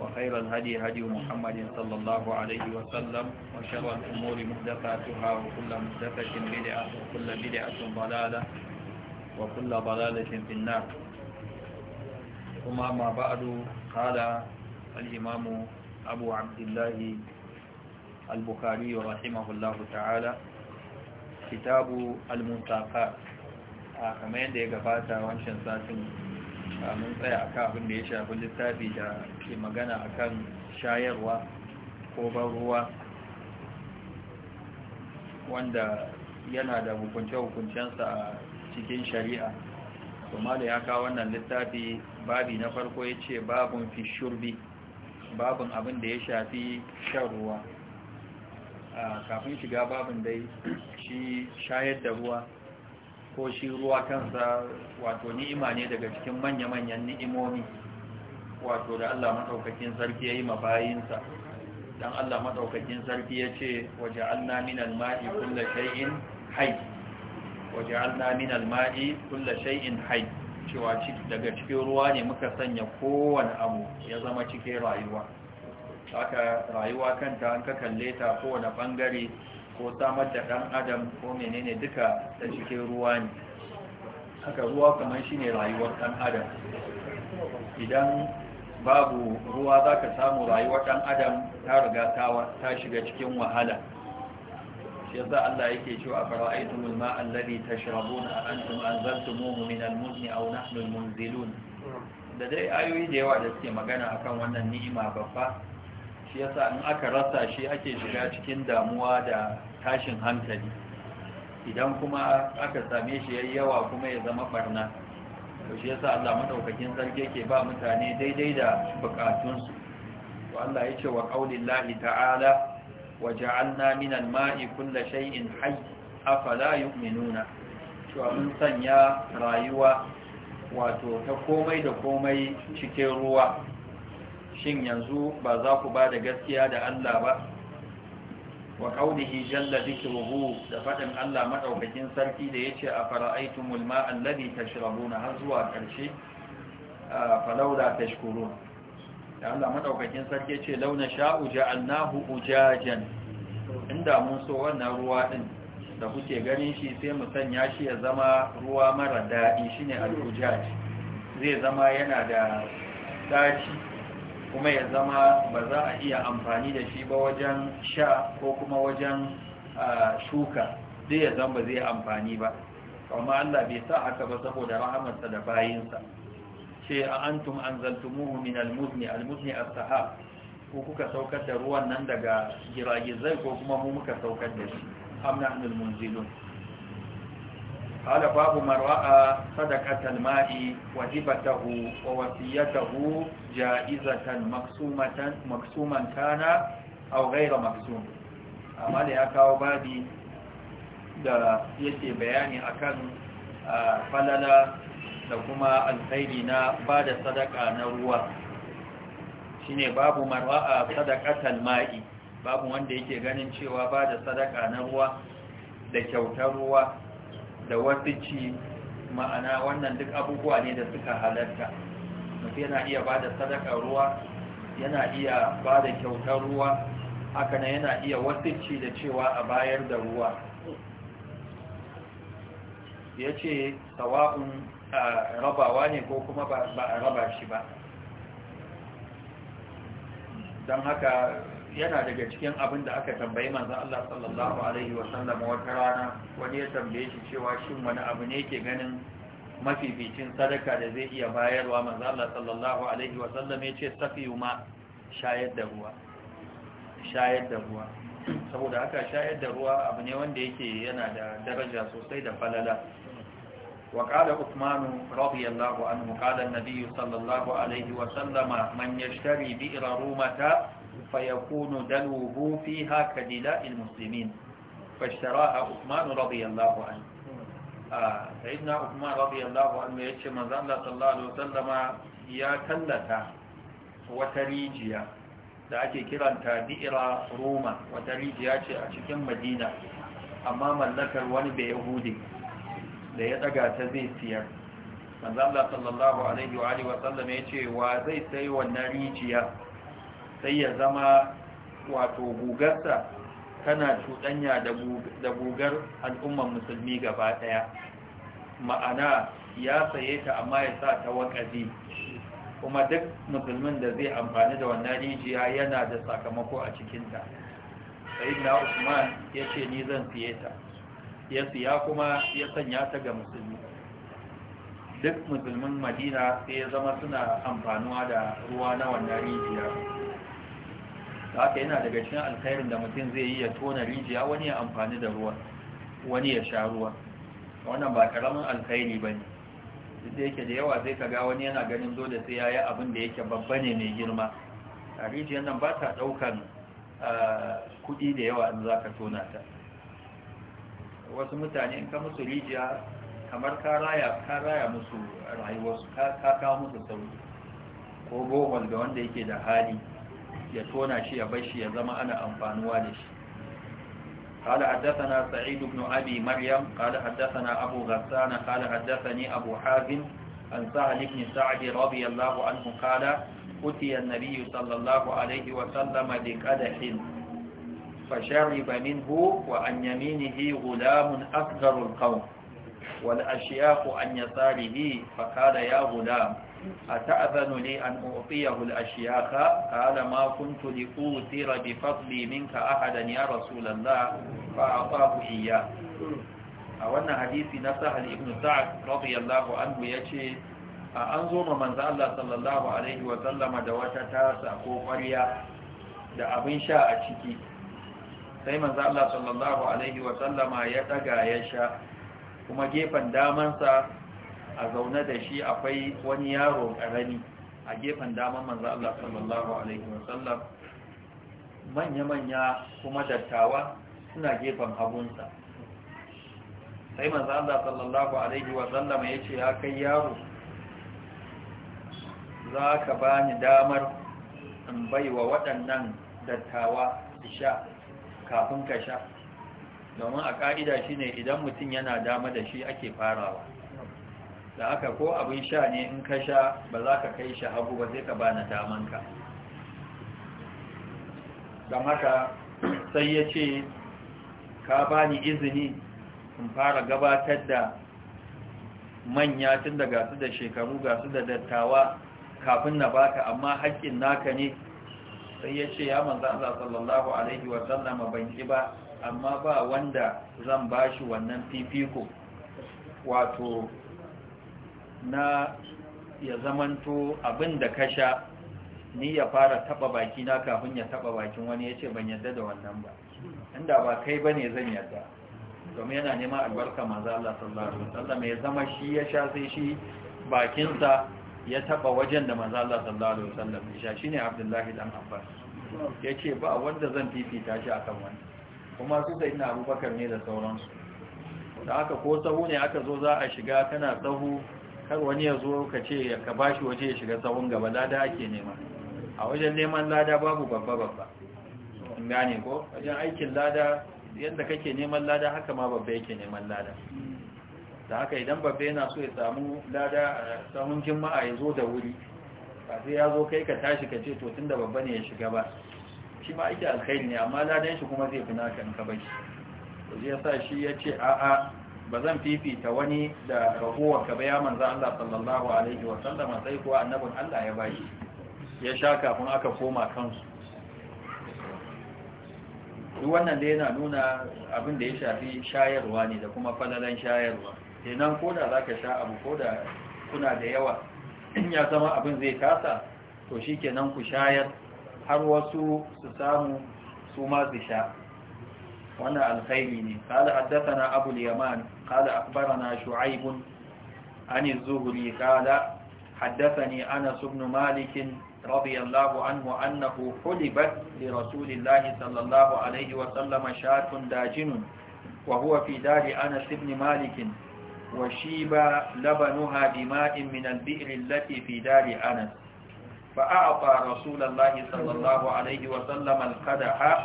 وخير الهدي هدي محمد صلى الله عليه وسلم وشر الأمور محدثاتها وكل محدثة بدعة وكل بدعة ضلالة وكل ضلالة في النار ثم ما بعد قال الإمام أبو عبد الله البخاري رحمه الله تعالى كتاب المنطاقات كما يندي قباتا وانشان ساتن mun tsaya a abin da ya shafi littafi da ke magana a kan shayarwa ko ban ruwa wanda yana da hukunce-hukuncensa a cikin shari'a kuma da ya kawo wannan littafi babi na farko ya ce babin fi shurbi babin abin da ya shafi shan ruwa kafin shiga babin dai shi shayar da ruwa ko shi ruwa kansa wato ni'ima ne daga cikin manya-manyan ni'imomi wato da Allah maɗaukakin sarki yayi mabayinsa dan Allah madaukakin sarki yace waja'alna minal ma'i kullu shay'in hayy waja'alna minal ma'i kullu shay'in hayy cewa daga cikin ruwa ne muka sanya kowane abu ya zama cikin rayuwa haka rayuwa kanta an ka kalle ta kowane bangare ko samar da ɗan adam ko menene duka da cikin ruwa ne haka ruwa kamar shi ne rayuwar ɗan adam idan babu ruwa za ka samu rayuwar ɗan adam ta riga ta shiga cikin wahala shi za Allah yake cewa mulma ma'a ta tashrabuna a antum an min al-muzni aw nahnu al-munzilun da dai ayoyi da yawa da suke magana akan wannan ni'ima babba shi yasa in aka rasa shi ake shiga cikin damuwa da tashin hankali idan kuma aka same shi yayi yawa kuma ya zama barna to shi yasa Allah madaukakin sarki yake ba mutane daidai da bukatunsu to Allah ya ce wa qaulillahi ta'ala waja'alna minal ma'i kulla shay'in hayy afala yu'minuna to mun sanya rayuwa wato ta komai da komai cikin ruwa shin yanzu ba za ku ba da gaskiya da Allah ba wa qaulihi jalla dhikruhu da fadin Allah madaukakin sarki da yace a fara'aytumul ma'a alladhi tashrabuna har zuwa karshe laula tashkurun da Allah madaukakin sarki yace launa sha'u ja'alnahu ujajan inda mun so wannan ruwa din da kuke ganin shi sai mu sanya shi ya zama ruwa mara daɗi shine al-ujaj zai zama yana da daci kuma ya zama ba za a iya amfani da shi ba wajen sha ko kuma wajen shuka duk ya zama ba zai amfani ba amma Allah bai sa haka ba saboda rahamarsa da bayinsa ce a antum min almuzni almuzni as-sahab ko kuka saukar da ruwan nan daga giragizai ko kuma mu muka saukar da shi amna anil munzilun قال باب من رأى صدقة الماء وهبته ووصيته جائزة مقسومة مقسوما كان أو غير مقسوم أما لأكاو بادي da yake bayani akan falala da kuma alkhairi na ba da sadaka na ruwa shine babu marwa'a sadaqatal ma'i babu wanda yake ganin cewa ba da sadaka na ruwa da kyautar ruwa da wasu ci ma'ana wannan duk abubuwa ne da suka halarta mutum yana iya ba da sadaka ruwa yana iya ba da kyautar ruwa haka na yana iya ci da cewa a bayar da ruwa ya ce sawa'un rabawa ne ko kuma ba a raba shi ba don haka yana daga cikin abin da aka tambayi manzan Allah sallallahu Alaihi wasallam wata rana wani ya tambaye shi cewa shin wani abu ne ke ganin mafificin sadaka da zai iya bayarwa manzan Allah sallallahu Alaihi wasallam ya ce safiyu ma shayar da ruwa shayar da ruwa saboda haka shayar da ruwa abu ne wanda yake yana da daraja sosai da falala وقال عثمان رضي الله عنه قال النبي صلى الله عليه وسلم من يشتري بئر رومة فيكون دلوه فيها كدلاء المسلمين فاشتراها عثمان رضي الله عنه سيدنا عثمان رضي الله عنه يتشي مزان صلى الله عليه وسلم يا تلتا وتريجيا da ake kiranta bi'ira roma wata rijiya ce a cikin madina amma mallakar wani bai da ya daga ta zai siyar wa ya ce wa zai sai wannan rijiya sai ya zama wato gugarsa tana cuɗanya da gugar al'ummar musulmi gaba ɗaya ma'ana ya saye ta amma ya sa ta wakazi kuma duk musulmin da zai amfani da wannan rijiya yana da sakamako a cikinta sai na usman ya ce ni zan siye ta ya siya kuma ya sanya ta ga musulmi duk musulmin madina sai ya zama suna amfanuwa da ruwa na wannan rijiya haka yana daga cikin alkhairin da mutum zai yi ya tona rijiya wani ya amfani da ruwa wani ya sha ruwa wannan ba karamin alkhairi ba ne duk da yake da yawa zai kaga wani yana ganin dole sai ya yi abin da yake babba ne mai girma a rijiyar nan ba ta ɗaukan kuɗi da yawa in za ka tona ta wasu mutane in ka musu rijiya kamar ka raya musu rayuwarsu ka kawo musu sauri ko goma ga wanda yake da hali ya tona shi ya bar shi ya zama ana amfanuwa da shi قال حدثنا سعيد بن أبي مريم قال حدثنا أبو غسان قال حدثني أبو حازم عن سهل بن سعد رضي الله عنه قال أتي النبي صلى الله عليه وسلم بقدح فشرب منه وعن يمينه غلام أصغر القوم والأشياخ عن يساره فقال يا غلام أتأذن لي أن أعطيه الأشياخ قال ما كنت لأوثر بفضلي منك أحدا يا رسول الله فأعطاه إياه أولنا حديث نسهل ابن سعد رضي الله عنه يشي أنظر من الله صلى الله عليه وسلم دوات تاسع قرية da abin sha a ciki sai manzo Allah sallallahu alaihi wa sallama ya daga ya sha kuma gefen damansa a zaune da shi akwai wani yaro karami a gefen daman manzo Allah sallallahu alaihi wasallam manya-manya kuma dattawa suna gefen hagunsa sai manzo Allah sallallahu alaihi wasallam ya ce ya kai yaro za ka bani damar in baiwa waɗannan dattawa isha kafin ka sha domin a ƙa'ida shi ne idan mutum yana dama da shi ake farawa da aka ko abin sha ne in ka sha ba za ka kai shi hagu ba sai ka ba na ka. don haka sai ya ce ka ba ni izini in fara gabatar da manya tun da gasu da shekaru gasu da dattawa kafin na baka amma haƙƙin naka ne sai ya ce ya manza sallallahu Alaihi wasallama ban ba amma ba wanda zan ba shi wannan fifiko wato na ya zamanto abin da ka sha ni ya fara taba baki na kafin ya taba bakin wani ya ce ban yadda da wannan ba inda ba kai ba ne zan yadda domin yana neman albarka maza Allah sallallahu alaihi wasallam ya zama shi ya sha sai shi bakinsa ya taba wajen da maza Allah sallallahu alaihi wasallam ya sha shine Abdullahi dan Abbas yace ba wanda zan fifita shi akan wani kuma su sai ina Abubakar ne da sauransu da haka ko sahu ne aka zo za a shiga kana sahu kar wani ya zo ka ce ka bashi waje ya shiga tsawon gaba lada ake nema a wajen neman lada babu babba babba In gane ko wajen aikin lada yadda kake neman lada haka ma babba yake neman lada da haka idan babba yana so ya samu lada a tsawon jima'a ya zo da wuri ba sai ya zo kai ka tashi ka ce to tun da babba ne ya shiga ba shi ma ake alkhairi ne amma ladan shi kuma zai fi naka in ka bashi wajen ya sa shi ya ce a'a ba zan fifita wani da ragowar ka baya manzan Allah sallallahu alaihi wasallama sai kuwa annabin Allah ya bashi ya sha kafin aka koma kansu duk wannan da yana nuna abin da ya shafi shayarwa ne da kuma falalan shayarwa kenan koda za ka sha abu koda kuna da yawa in ya zama abin zai kasa to shi kenan ku shayar har wasu su samu su ma su sha وانا الخيميني قال حدثنا أبو اليمان قال أخبرنا شعيب عن الزهري قال حدثني أنس بن مالك رضي الله عنه أنه حلبت لرسول الله صلى الله عليه وسلم شاة داجن وهو في دار أنس بن مالك وشيب لبنها بماء من البئر التي في دار أنس فأعطى رسول الله صلى الله عليه وسلم القدح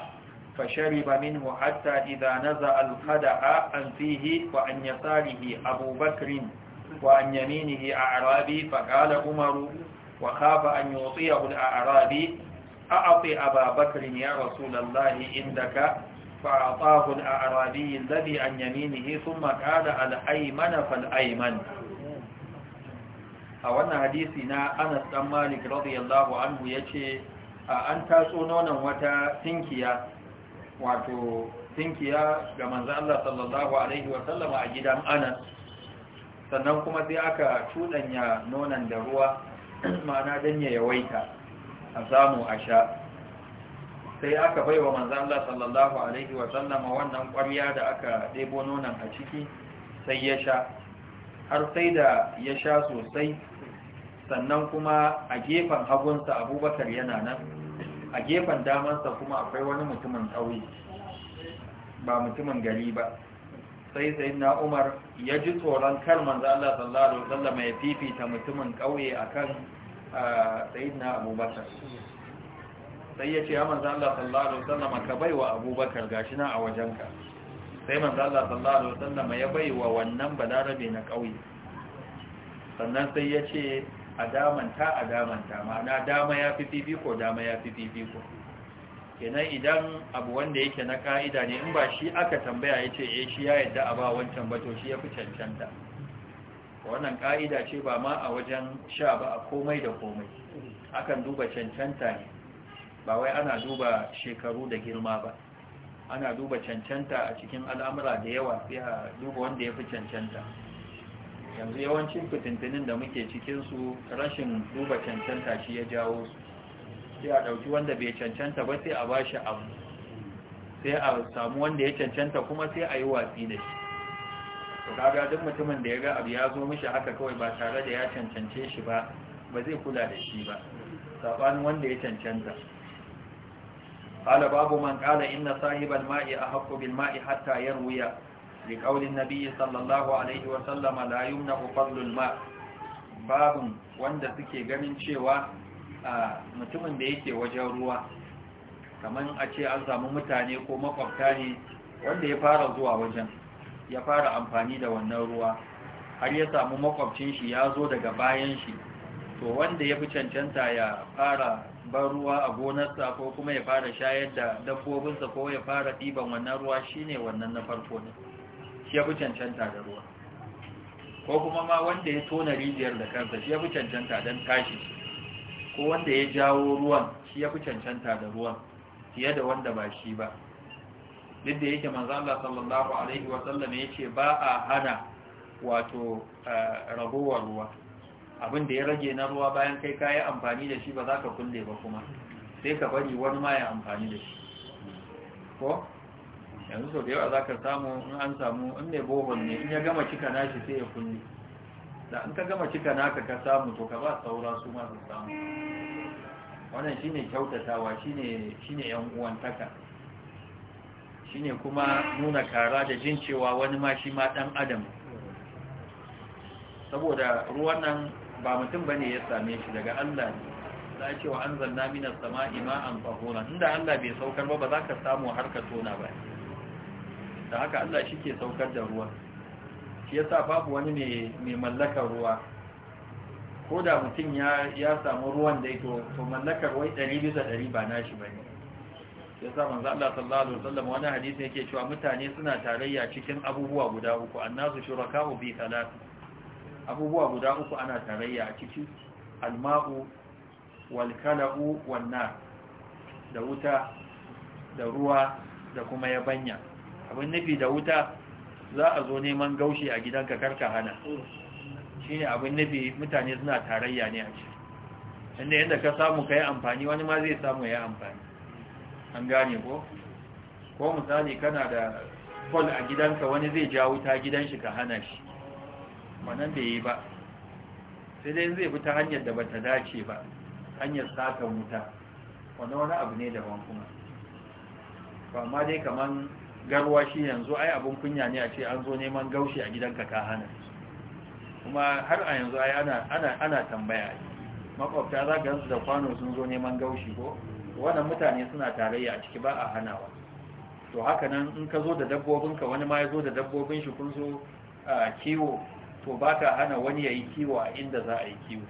فشرب منه حتى إذا نزع الخدع عن فيه وعن يساره أبو بكر وعن يمينه أعرابي فقال عمر وخاف أن يعطيه الأعرابي أعطي أبا بكر يا رسول الله عندك فأعطاه الأعرابي الذي عن يمينه ثم قال الأيمن فالأيمن a wannan hadisi na anas dan malik radiyallahu anhu yace an taso nonon wata tinkiya wato tinkiya ga manzo Allah sallallahu alaihi wa a gidan Anas sannan kuma sai aka tudanya nonon da ruwa ma'ana dan ya yawaita a samu a sha sai aka baiwa manzo Allah sallallahu alaihi wa wannan ƙwarya da aka ɗebo nonon a ciki sai ya sha har sai da ya sha sosai sannan kuma a gefen hagunsa abubakar yana nan a gefen damansa kuma akwai wani mutumin ƙauye ba mutumin gari ba sai sai na umar ya ji tsoron kar za Allah sallallahu alaihi wasallam ya fifita mutumin ƙauye sai na abubakar sai ya ce ya manzo Allah sallallahu alaihi wasallam ka baiwa abubakar gashi na a wajenka sai manzo Allah sallallahu alaihi wasallam ya baiwa wannan balarabe na ƙauye sannan sai ya ce a damanta a damanta ma'ana dama ya fi fifiko dama ya fi fifiko kenan idan abu wanda yake na ka'ida ne in ba shi aka tambaya ya ce eh shi ya yadda a ba wancan ba to shi ya fi cancanta wannan ka'ida ce ba ma a wajen sha ba a komai da komai akan duba cancanta ne ba wai ana duba shekaru da girma ba ana duba cancanta a cikin al'amura da yawa sai a duba wanda ya fi cancanta yanzu yawancin fitintinin da muke cikinsu rashin duba cancanta shi ya jawo su sai a ɗauki wanda bai cancanta ba sai a ba shi abu sai a samu wanda ya cancanta kuma sai a yi watsi da shi to kaga duk mutumin da ya ga abu ya zo mishi haka kawai ba tare da ya cancance shi ba ba zai kula da shi ba sabanin wanda ya cancanta قال باب من قال إن صاحب الماء أحق بالماء حتى يروي لقول النبي صلى الله عليه وسلم لا يمنع فضل الماء باب wanda suke ganin cewa mutumin da yake wajen ruwa kamar a ce an samu mutane ko makwabta ne wanda ya fara zuwa wajen ya fara amfani da wannan ruwa har ya samu makwabcin shi ya zo daga bayan shi to wanda ya fi cancanta ya fara ban ruwa a gonarsa ko kuma ya fara shayar da dabbobinsa ko ya fara ɗiban wannan ruwa shine wannan na farko ne shi ya fi cancanta da ruwa ko kuma ma wanda ya tona rijiyar da kansa shi ya fi cancanta don tashi ko wanda ya jawo ruwan shi ya fi cancanta da ruwan fiye da wanda ba shi ba duk da yake manzo Allah sallallahu alaihi wa sallam yace ba a hana wato eh, ragowar ruwa abin da ya rage na ruwa bayan kai kayi amfani da shi ba za ka kulle ba kuma sai ka bari wani ma ya amfani da shi ko yanzu sau da yawa za ka samu in an samu in mai bohon ne in ya gama cika na shi, sai ya kunni da in ka gama cika na ka samu to ka ba saura su masu samu wannan shi ne kyautatawa shi ne yan uwantaka shi ne kuma nuna kara da jin cewa wani ma shi ma ɗan adam saboda ruwan nan ba mutum ba ne ya same shi daga allah ne za a cewa an zanna minar sama'i ma'an fahoran inda allah bai saukar ba ba za ka samu har ka tona ba da haka Allah shi ke saukar da ruwa shi sa babu wani mai mallakar ruwa ko da mutum ya samu ruwan da ito to mallakar wai ɗari bisa ɗari ba nashi ba ne ya sa manzo Allah sallallahu alaihi wasallam wani hadisi yake cewa mutane suna tarayya cikin abubuwa guda uku annasu shuraka'u bi thalath abubuwa guda uku ana tarayya a ciki alma'u wal kala'u da wuta da ruwa da kuma yabanya abin nufi da wuta za a zo neman gaushe a gidanka karka hana shi ne abin nufi mutane suna tarayya ne a ce inda yadda ka samu ka yi amfani wani ma zai samu ya amfani an gane ko ko misali kana da fol a gidanka wani zai ja wuta gidan shi ka hana shi wannan bai yi ba sai dai zai fita hanyar da bata dace ba hanyar satan wuta wani wani abu ne daban kuma amma dai kamar. garwa shi yanzu ai abun kunya ne a ce an zo neman gaushi a gidanka ka hana kuma har a yanzu ai ana ana ana tambaya makwabta za ga su da kwano sun zo neman gaushi ko wannan mutane suna tarayya a ciki ba a hanawa to haka nan in ka zo da dabbobinka wani ma ya zo da dabbobin shi kun zo kiwo to ba ka hana wani ya yi kiwo a inda za a yi kiwo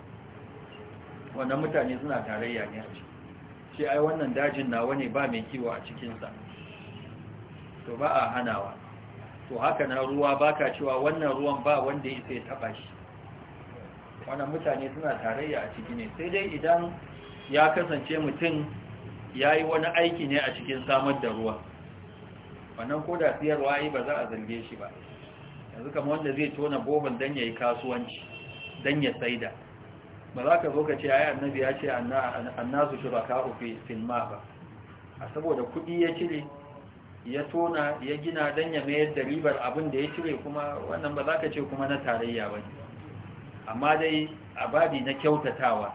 wannan mutane suna tarayya ne a ciki shi ai wannan dajin na wani ba mai kiwo a cikinsa to ba a hanawa to haka na ruwa baka cewa wannan ruwan ba wanda ya sai taba shi wannan mutane suna tarayya a ciki ne sai dai idan ya kasance mutum ya yi wani aiki ne a cikin samar da ruwa wannan ko da siyarwa yi ba za a zarge shi ba yanzu kamar wanda zai tona boban dan yayi kasuwanci dan ya saida ba za ka zo ka ce ya annabi ya ce annasu shuraka ofe filma ba a saboda kudi ya cire ya tona ya gina don ya mayar da ribar abin da ya cire kuma wannan ba za ka ce kuma na tarayya ba amma dai a babi na kyautatawa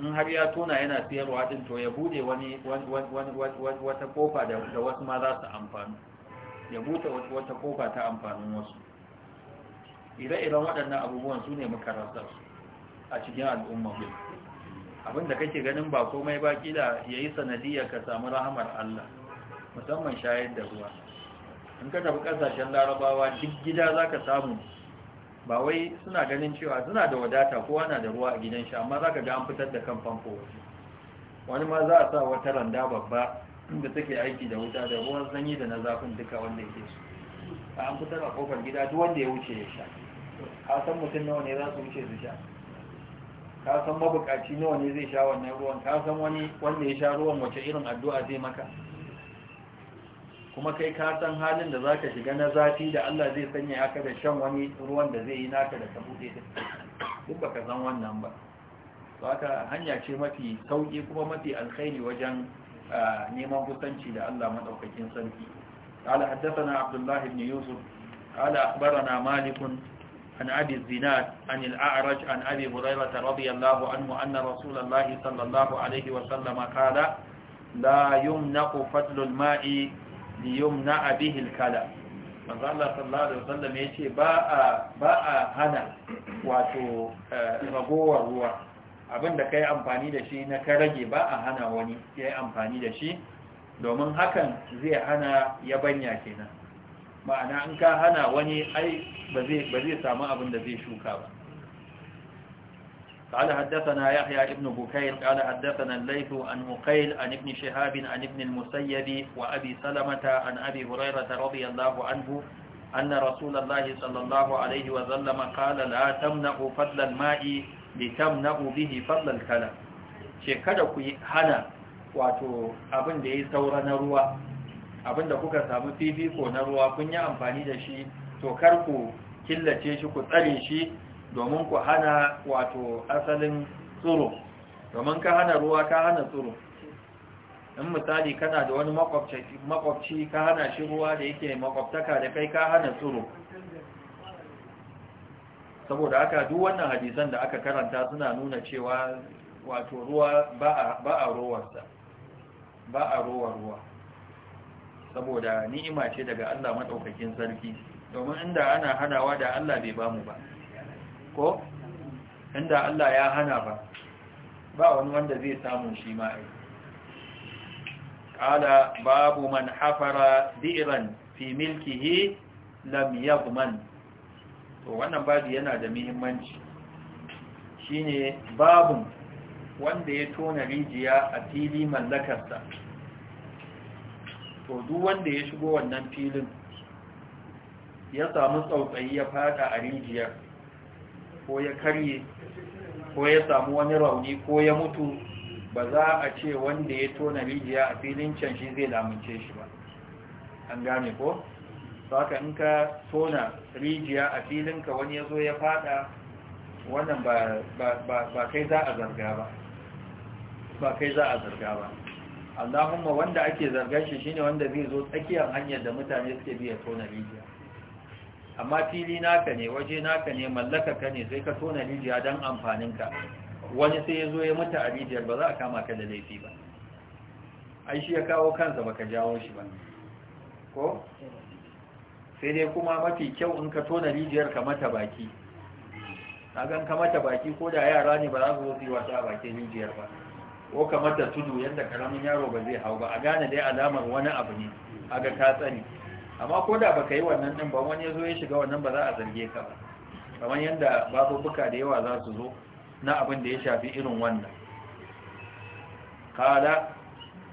in har ya tona yana siyarwa din to ya bude wata kofa da wasu ma za su amfani ya bude wata kofa ta amfanin wasu ire-iren waɗannan abubuwan su ne makarasar a cikin al'umma abinda kake ganin ba komai ba kila ya yi sanadiyar ka samu rahamar Allah musamman shayar da ruwa in ka tafi kasashen larabawa duk gida za ka samu ba wai suna ganin cewa suna da wadata kowa na da ruwa a gidan shi amma za ka ga an fitar da kan famfo waje wani ma za a sa wata randa babba inda take aiki da wuta da ruwan sanyi da na zafin duka wanda yake su an fitar a kofar gida duk wanda ya wuce ya sha ka san mutum nawa ne za su wuce su sha ka san mabukaci nawa ne zai sha wannan ruwan ka san wani wanda ya sha ruwan wace irin addu'a zai maka kuma kai ka san halin da zaka shiga na zafi da Allah zai sanya haka da shan wani ruwan da zai yi naka da ka bude duk baka san wannan ba haka hanya ce mafi sauki kuma mafi alkhairi wajen neman kusanci da Allah madaukakin sarki قال حدثنا عبد الله بن يوسف قال أخبرنا مالك عن أبي الزناد عن الأعرج عن أبي هريرة رضي الله عنه أن رسول الله صلى الله عليه وسلم قال لا يمنق فتل الماء liyumna bihi al-kala manzo Allah sallallahu alaihi wasallam yace ba a ba a hana wato eh, ragowar ruwa abinda kai amfani da shi na ka rage ba a hana wani yayi amfani da shi domin hakan zai hana yabanya kenan ma'ana in ka hana wani ai ba zai samu abin da zai shuka ba قال حدثنا يحيى ابن بكير قال حدثنا الليث عن مقيل عن ابن شهاب عن ابن المسيب وأبي سلمة عن أبي هريرة رضي الله عنه أن رسول الله صلى الله عليه وسلم قال لا تمنعوا فضل الماء لتمنعوا به فضل الكلام شكرا كي هنا wato abin da ya saura na ruwa abin da kuka samu fifiko na ruwa kun yi amfani da shi to kar ku killace shi ku tsare shi domin ku hana wato asalin tsoro domin ka hana ruwa ka hana tsoro in misali kana da wani makwabci ka hana shi ruwa da yake makwabtaka da kai ka hana tsoro saboda aka duk wannan hadisan da aka karanta suna nuna cewa wato ruwa ba a rowarsa ba a rowar ruwa saboda ni'ima ce daga Allah maɗaukakin sarki domin inda ana hanawa da Allah bai bamu ba ko inda Allah ya hana ba ba wani wanda zai samu shi ma ai Kala babu man hafara bi'ran fi milkihi lam yadman to wannan babu yana da muhimmanci shine babun wanda ya tona rijiya a fili mallakarsa to duk wanda ya shigo wannan filin ya samu tsautsayi ya fada a rijiyar ko ya karye ko ya samu wani rauni ko ya mutu ba za a ce wanda ya tona rijiya a filin can shi zai lamunce shi ba an gane ko saka in ka tona rijiya a filinka wani ya zo ya fada wannan ba kai za a zarga ba ba kai za a zarga ba allahumma wanda ake zargar shi shine wanda zai zo tsakiyar hanyar da mutane suke biya tona rijiya amma fili naka ne waje naka ne mallaka ka ne sai ka tona rijiya don amfaninka wani sai ya zo ya mutu a rijiyar ba za a kama ka da laifi ba ai shi ya kawo kansa baka jawo shi ba ko sai dai kuma mafi kyau in ka tona rijiyar ka mata baki gan ka mata baki ko da yara ne ba za su zo su yi wasa a bakin rijiyar ba ko ka mata tudu yadda karamin yaro ba zai hau ba a gane dai alamar wani abu ne aga ka tsani amma ko baka yi wannan ɗin ba wani ya zo ya shiga wannan ba za a zange ka ba kamar yadda babubuka da yawa za su zo na abin da ya shafi irin wannan kala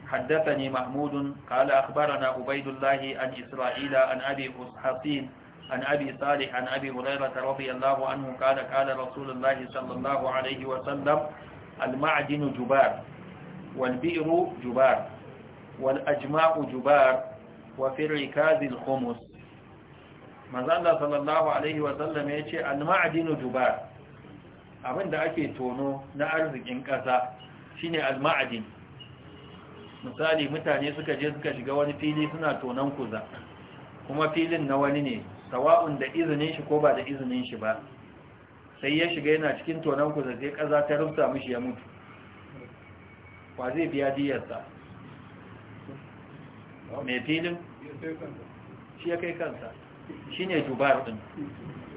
haddathani mahmudun kala akhbarana ubaidullahi an isra'ila an abi hasin an abi salih an abi hurayra radiyallahu anhu kala kala rasulullahi sallallahu alaihi wa sallam al jubar wal bi'ru jubar wal ajma'u jubar wa fi rikazil humus manzala sallallahu alaihi wasallam ya ce al-ma'adinu dubar abinda ake tono na arzikin ƙasa shine al-ma'adin misali mutane suka je suka shiga wani fili suna tonon kuza kuma filin na wani ne sawa'un da izinin shi ko ba da izinin shi ba sai ya shiga yana cikin tonon kuza sai kaza ta rufta mishi ya mutu ba zai biya diyarsa mai filin shi ya kai kansa shi ne jubar ɗin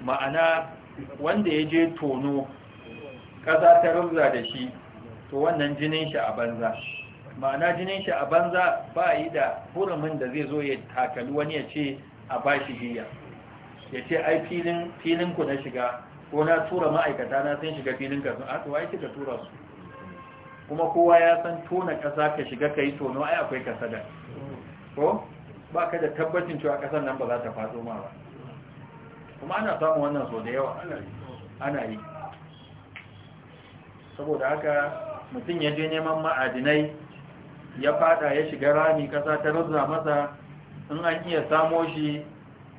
ma'ana wanda ya je tono ƙasa ta rubza da shi to wannan jinin shi a banza ma'ana jinin shi a banza ba yi da hurumin da zai zo ya takali wani ya ce a ba shi jiya ya ce ai filin ku na shiga ko na tura ma'aikata na sun shiga filin ka sun ato ai kika tura su kuma kowa ya san tona ƙasa ka shiga ka yi tono ai akwai kasada ko ba ka da tabbacin cewa kasar nan ba za ta faso ma ba kuma ana samun wannan so da yawa ana yi saboda haka mutum ya je neman ma'adinai ya fada ya shiga rami kasa ta rutsa masa in an iya samo shi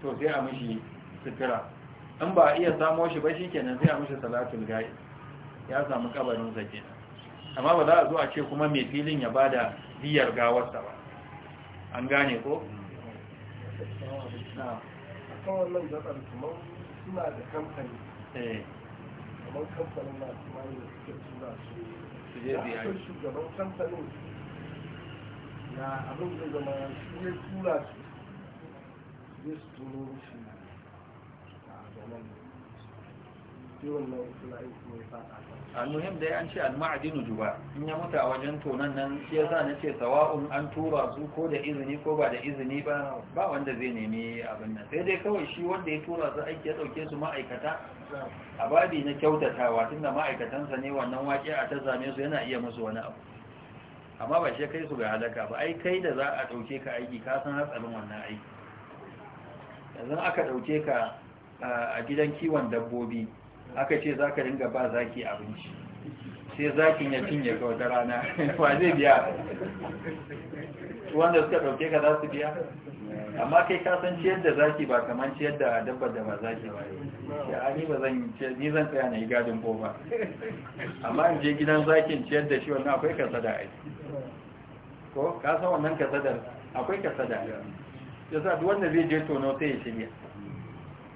to sai a mishi sutura in ba a iya samo shi ba shi kenan sai a mishi salatul gai ya samu kabarin kenan amma ba za a zo a ce kuma mai filin ya bada biyar gawarsa ba an gane ko da eh. na tura na abin da zama shi ne tura su su shi almuhim dai an ce alma'adinu juba in ya mutu a wajen tonan nan shi yasa na ce sawa'un an tura su ko da izini ko ba da izini ba wanda zai nemi abin nan sai dai kawai shi wanda ya tura su aiki ya dauke su ma'aikata a babi na kyautatawa tunda ma'aikatansa ne wannan waƙe a ta same su yana iya musu wani abu amma ba shi kai su ga halaka ba ai kai da za a dauke ka aiki ka san hatsarin wannan aiki yanzu aka ɗauke ka a gidan kiwon dabbobi aka ce za ka ringa ba zaki abinci sai zakin ya cinye ga wata rana wa zai biya wanda suka ɗauke ka za su biya amma kai ka san ciyar da zaki ba kamar ciyar da dabbar da ba zaki ba ya ni ba zan ni zan tsaya na yi gadin ko ba amma in je gidan zakin ciyar da shi wannan akwai kasada ai ko ka san wannan kasadar akwai kasada yasa duk wanda zai je tono sai ya shirya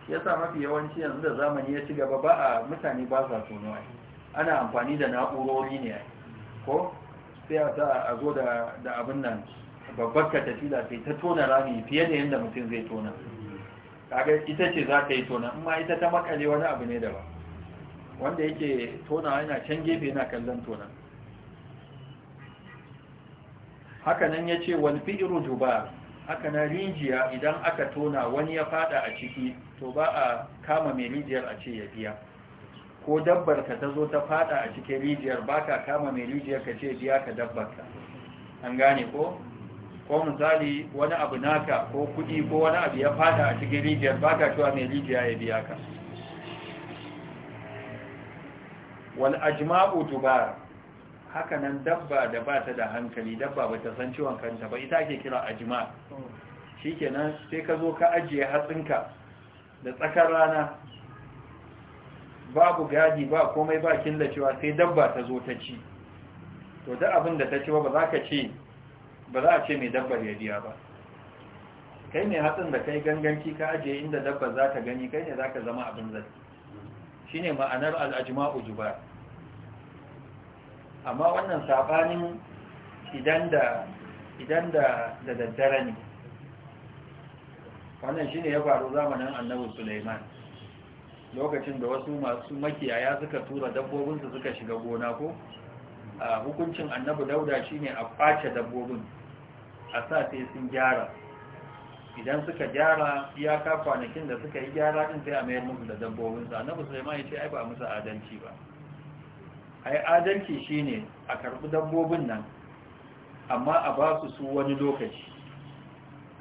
shi yasa mafi yawanci yanzu da zamani ya ci gaba ba a mutane ba sa tono ai ana amfani da na'urori ne ai ko sai a ta a zo da da abin nan babbar katafila sai ta tona rami fiye da yanda mutum zai tona kaga ita ce za ta yi tona amma ita ta makale wani abu ne daban wanda yake tona yana can gefe yana kallon tona haka nan ya ce wani iru juba haka na rijiya idan aka tona wani ya fada a ciki to ba a kama mai rijiyar a ce ya biya ko dabbar ka ta zo ta fada a cikin rijiyar ba ka kama mai rijiyar ka ce biya ka dabbar ka an gane ko ko misali wani abu naka ko kudi ko wani abu ya fada a cikin rijiyar ba ka cewa mai rijiya ya biya ka wal ajma'u tubar haka nan dabba da ba ta da hankali dabba ba ta san ciwon kanta ba ita ake kira ajma shikenan sai ka zo ka ajiye hatsinka da tsakar rana babu gadi ba komai ba killacewa sai dabba ta zo ta ci to da abin da ta ci ba za ka ce ba za a ce mai dabbar ya biya ba kai ne hatsin da kai ganganci ka ajiye inda dabbar za ta gani kai ne za ka zama abin zai shi ne ma'anar al'ajima'u juba amma wannan sabanin idan da daddare ne wannan shine ya faru zamanin annabi Sulaiman lokacin da wasu masu makiyaya suka tura dabbobinsu suka shiga gona ko a hukuncin annabi dauda shine a kwace dabbobin a sa sai sun gyara idan suka gyara ya ne kwanakin da suka yi gyara din sai a mayar musu da dabbobinsu annabi Sulaiman ya ce ai ba musu adalci ba ai adalci shine a karbi dabbobin nan amma a ba su su wani lokaci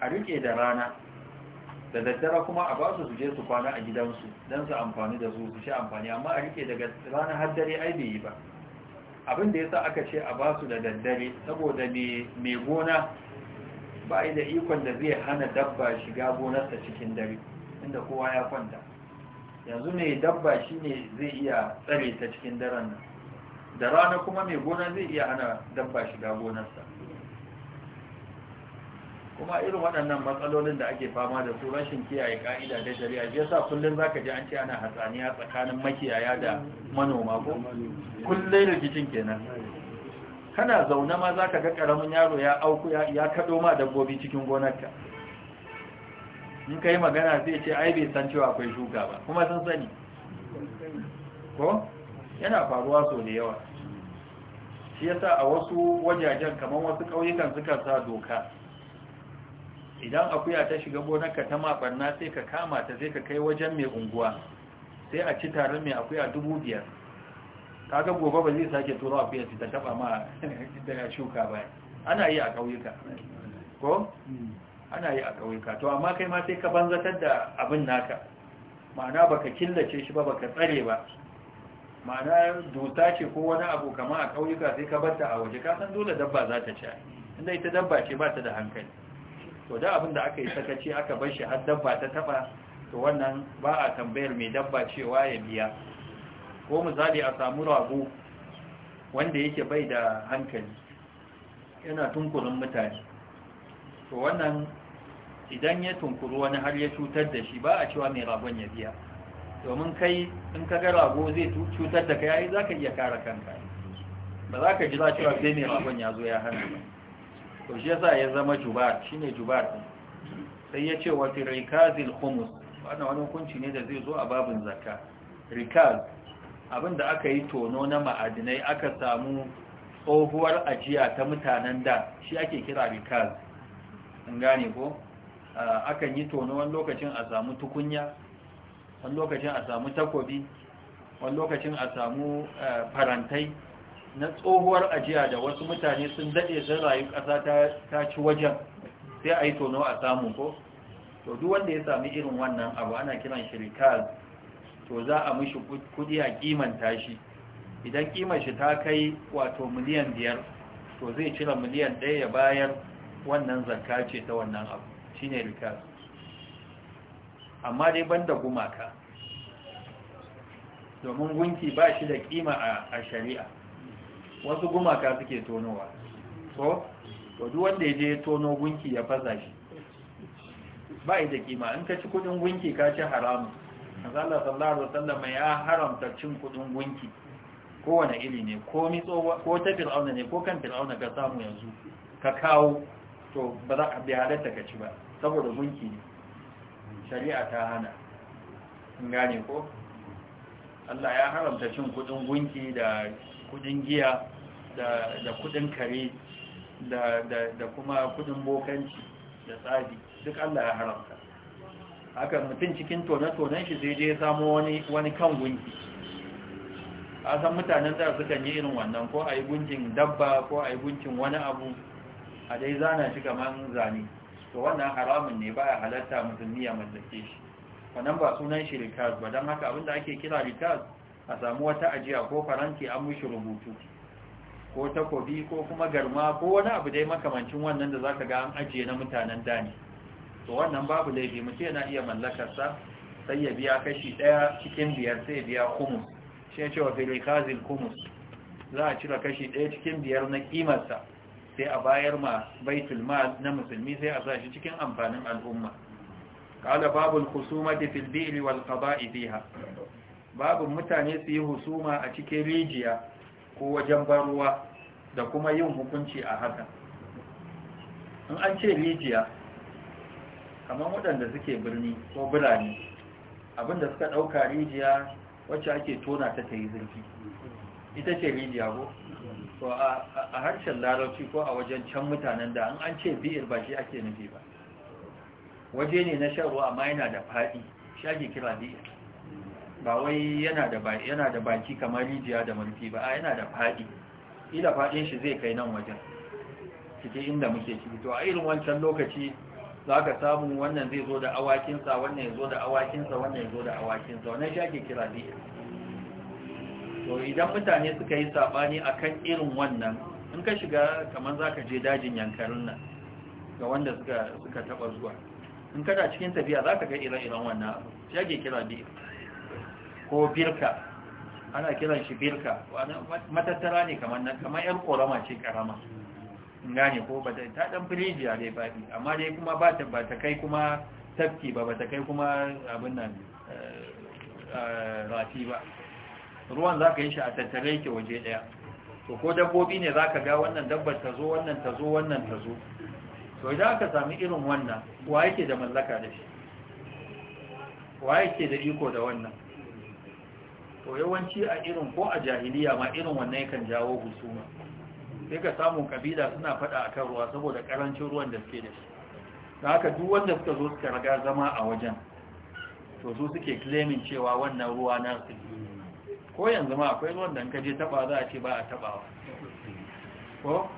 a rike da rana da daddara kuma a basu su je su kwana a gidansu don su amfani da su su shi amfani amma a rike daga ranar har dare ai bai yi ba abin da yasa aka ce a basu da daddare saboda mai gona ba yi da ikon da zai hana dabba shiga gonarsa cikin dare inda kowa ya kwanta yanzu mai dabba shi ne zai iya tsare ta cikin daren nan da rana kuma mai gona zai iya hana dabba shiga gonarsa kuma irin waɗannan matsalolin da ake fama da su rashin kiyaye ka'ida da shari'a shi yasa kullum zaka ji an ce ana hatsaniya tsakanin makiyaya da manoma ko kullum rikicin kenan kana zaune ma zaka ga karamin yaro ya auku ya kado ma dabbobi cikin gonarka in kai magana zai ce ai bai san cewa akwai shuka ba kuma sun sani ko yana faruwa so da yawa shi yasa a wasu wajajen kamar wasu ƙauyukan suka sa doka idan akuya ta shiga gonarka ta maɓarna sai ka kama ta sai ka kai wajen mai unguwa sai a ci taron mai akuya dubu biyar kaga gobe ba zai sake turo akuya ta taba ma daga shuka ba ana yi a ƙauyuka ko ana yi a ƙauyuka to amma kai ma sai ka banzatar da abin naka ma'ana baka killace shi ba baka tsare ba ma'ana dusa ce ko wani abu kama a ƙauyuka sai ka bar ta a waje ka san dole dabba za ta ci inda ita dabba ce ba ta da hankali to da abin da aka yi sakaci aka bar shi har dabba ta taba to wannan ba a tambayar mai dabba cewa ya biya ko misali a samu rago wanda yake bai da hankali yana tunkurin mutane to wannan idan ya tunkuru wani har ya cutar da shi ba a cewa mai ragon ya biya domin kai in ka ga rago zai cutar da kai ai za ka iya kare kanka ba za ka ji jira cewa sai mai ragon ya zo ya hana ba to shi yasa ya zama jubar shine jubar sai ya ce wa fi rikazil wannan wani hukunci ne da zai zo a babin zakka rikaz abinda aka yi tono na ma'adinai aka samu tsohuwar ajiya ta mutanen da shi ake kira rikaz an gane ko akan yi tono wani lokacin a samu tukunya wani lokacin a samu takobi wani lokacin a samu eh, farantai na tsohuwar ajiya da wasu mutane sun daɗe sun rayu ƙasa ta ci wajen sai a yi tono a samu ko to duk wanda ya sami irin wannan abu ana kiran shirikal to za a mishi kudi a kimanta shi idan kimar shi ta kai wato miliyan biyar to zai cire miliyan ɗaya ya bayar wannan zarka ce ta wannan abu shi ne rikal amma dai ban da gumaka domin gunki ba shi da kima a shari'a wasu gumaka suke tonowa so to duk wanda ya je tono gunki ya fasa shi ba da kima in ka ci kudin gunki ka ci haramu Allah sallallahu alaihi wasallam ya haramta cin kudin gunki kowane iri ne ko mitso ko ta fir'auna ne ko kan fir'auna ka samu yanzu ka kawo to ba za a bi halatta ka ci ba saboda gunki ne shari'a ta hana in gane ko Allah ya haramta cin kudin gunki da kudin giya da kudin kare da kuma kudin bokanci da tsari duk Allah ya haramta haka mutum cikin tone-tonen shi zai je ya samu wani kan gunki a san mutanen da suka yi irin wannan ko a yi gunkin dabba ko a yi gunkin wani abu a dai zana shi kamar zane to wannan haramun ne ba halarta halatta musulmi a mallake shi wannan ba sunan shi rikaz ba don haka abinda ake kira rikas a samu wata ajiya ko faranti an mushi rubutu ko takobi ko kuma garma ko wani abu dai makamancin wannan da ka ga an ajiye na mutanen dani to wannan babu laifi mutum yana iya mallakarsa sai ya biya kashi ɗaya cikin biyar sai ya biya kumus shi ya cewa filikazil kumus za a cire kashi ɗaya cikin biyar na ƙimarsa sai a bayar ma baitul na musulmi sai a sa shi cikin amfanin al'umma kala babul khusumati fil bi'li wal qada'i fiha babu mutane su yi husuma a cikin rijiya ko wajen ban ruwa da kuma yin hukunci a haka in an ce rijiya kamar waɗanda suke birni ko birane abinda suka ɗauka rijiya wacce ake tona ta ta yi zurfi ita ce rijiya ko to a harshen larabci ko a wajen can mutanen da an ce bi'ir ba shi ake nufi ba waje ne na shan ruwa amma yana da faɗi shi ake kira bi'ir ba wai yana da baki yana da baki kamar rijiya da murfi ba A yana da fadi ila fadin shi zai kai nan wajen cikin inda muke ciki to a irin wancan lokaci zaka samu wannan zai zo da awakin sa wannan zo da awakin sa wannan zo da awakin sa wannan ake kira ne to idan mutane suka yi sabani akan irin wannan in ka shiga kamar zaka je dajin yankarin nan ga wanda suka suka taba zuwa in kana cikin tafiya zaka ga ire-iren wannan ake kira biyu ko birka ana kiran shi birka matattara ne kamar nan kamar yan korama ce karama gane ko ba ta dan a dai faɗi amma dai kuma ba ta kai kuma tafki ba ba ta kai kuma abin nan eh, eh, rafi ba ruwan za ka yi shi a tattare ke waje ɗaya to ko dabbobi ne za ka ga wannan dabbar ta zo wannan ta zo wannan ta zo to idan aka sami irin wannan wa yake da mallaka da shi wa yake da iko da wannan to yawanci a irin ko a jahiliya ma irin wannan yakan jawo husuma sai ka samu kabila suna fada akan ruwa saboda karancin ruwan da suke da shi da haka duk wanda suka zo suka raga zama a wajen to su suke claiming cewa wannan ruwa na su ko yanzu ma akwai ruwan da in ka je taba za a ce ba a wa? ko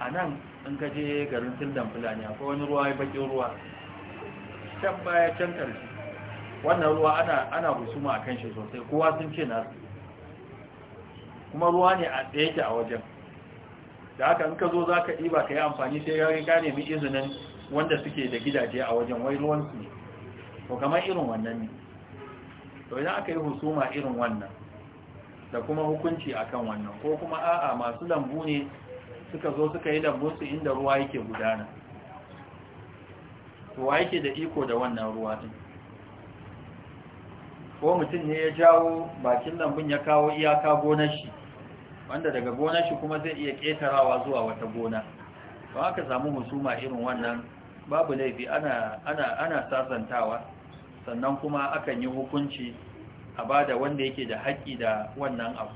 a nan in ka je garin tildan fulani akwai wani ruwa ya bakin ruwa can baya can karshe wannan ruwa ana ana husuma akan shi sosai kowa sun ce su kuma ruwa ne a yake a wajen da haka in ka zo za ka ɗiba ka yi amfani sai ya ne nemi izinin wanda suke da gidaje a wajen wai ruwansu ne to kamar irin wannan ne to idan aka yi husuma irin wannan da kuma hukunci akan wannan ko kuma a'a masu lambu ne suka zo suka yi lambunsu inda ruwa yake gudana to wa yake da iko da wannan ruwa din ko mutum ne ya jawo bakin lambun ya kawo iyaka gonar shi wanda daga gonar shi kuma zai iya ƙetarawa zuwa wata gona ba aka samu husuma irin wannan babu laifi ana ana ana sasantawa sannan kuma akan yi hukunci a bada wanda yake da haƙƙi da wannan abu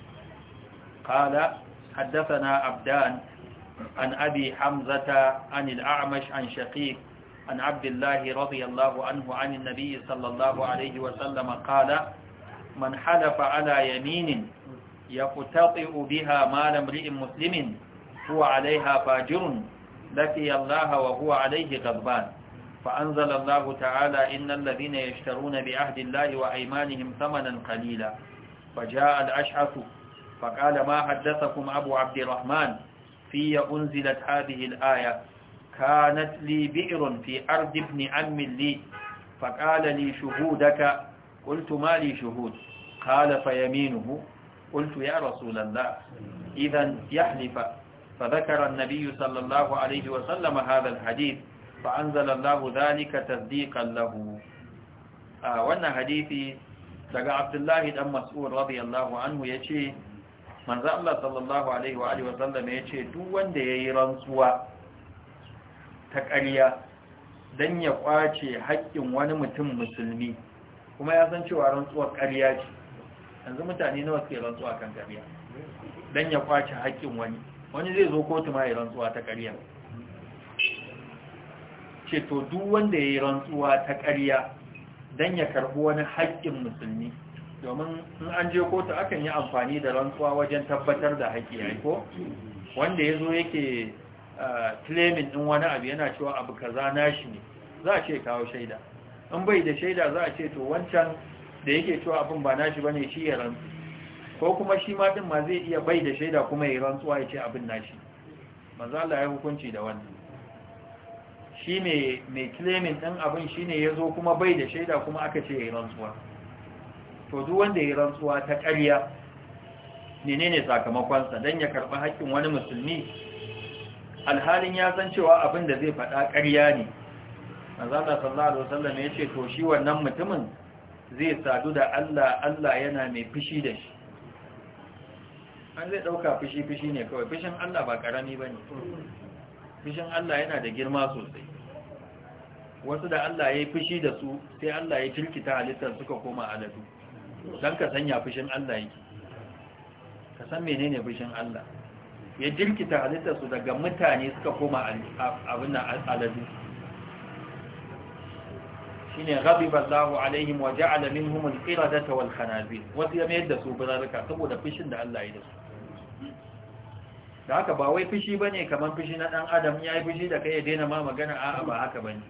qala haddathana abdan an abi hamzata an al-a'mash an shaqiq عن عبد الله رضي الله عنه عن النبي صلى الله عليه وسلم قال من حلف على يمين يقتطئ بها مال امرئ مسلم هو عليها فاجر لقي الله وهو عليه غضبان فأنزل الله تعالى إن الذين يشترون بعهد الله وأيمانهم ثمنا قليلا فجاء الأشعث فقال ما حدثكم أبو عبد الرحمن في أنزلت هذه الآية كانت لي بئر في أرض ابن عم لي فقال لي شهودك قلت ما لي شهود قال فيمينه قلت يا رسول الله إذا يحلف فذكر النبي صلى الله عليه وسلم هذا الحديث فأنزل الله ذلك تصديقا له آه وأن حديثي لقى عبد الله بن مسعود رضي الله عنه يشي من الله صلى الله عليه وآله وسلم يشي دون دي رنسوا ta ƙarya don ya kwace haƙƙin wani mutum musulmi kuma ya san cewa rantsuwar ƙarya ce yanzu mutane nawa suke rantsuwa kan ƙarya don ya ƙwace haƙƙin wani wani zai zo kotu ma ya rantsuwa ta ƙarya ce to duk wanda ya yi rantsuwa ta ƙarya don ya karɓi wani haƙƙin musulmi domin in an je kotu akan yi amfani da rantsuwa wajen tabbatar da haƙƙi ko wanda ya zo yake claiming din wani abu yana cewa abu kaza nashi ne za a ce kawo shaida in bai da shaida za a ce to wancan da yake cewa abin ba nashi bane shi ya rantsu ko kuma shi ma din ma zai iya bai da shaida kuma ya rantsuwa ya ce abin nashi manzo Allah ya hukunci da wannan shi mai me claiming din abin shine yazo kuma bai da shaida kuma aka ce ya rantsuwa to duk wanda ya rantsuwa ta ƙarya menene sakamakonsa dan ya karba haƙƙin wani musulmi alhalin ya san cewa abin da zai faɗa ƙarya ne manzana sallallahu alaihi wasallam ya ce to shi wannan mutumin zai sadu da Allah Allah yana mai fishi da shi an zai ɗauka fishi-fishi ne kawai fishin Allah ba ƙarami ba ne fishin Allah yana da girma sosai wasu da Allah ya yi fishi da su sai Allah ya tilkita halittar suka koma aladu don ka sanya fishin Allah yake ka san menene fishin Allah ya jirkita halittarsu daga mutane suka koma abin na aladu shi ne rabiballahu alaihim wa ja'ala minhum al wal khanazir wasu ya mayar da su birarruka saboda fishin da Allah ya da su da haka ba wai fushi ne kamar fushi na dan adam yayi fushi da kai ya daina ma magana a'a ba haka ne.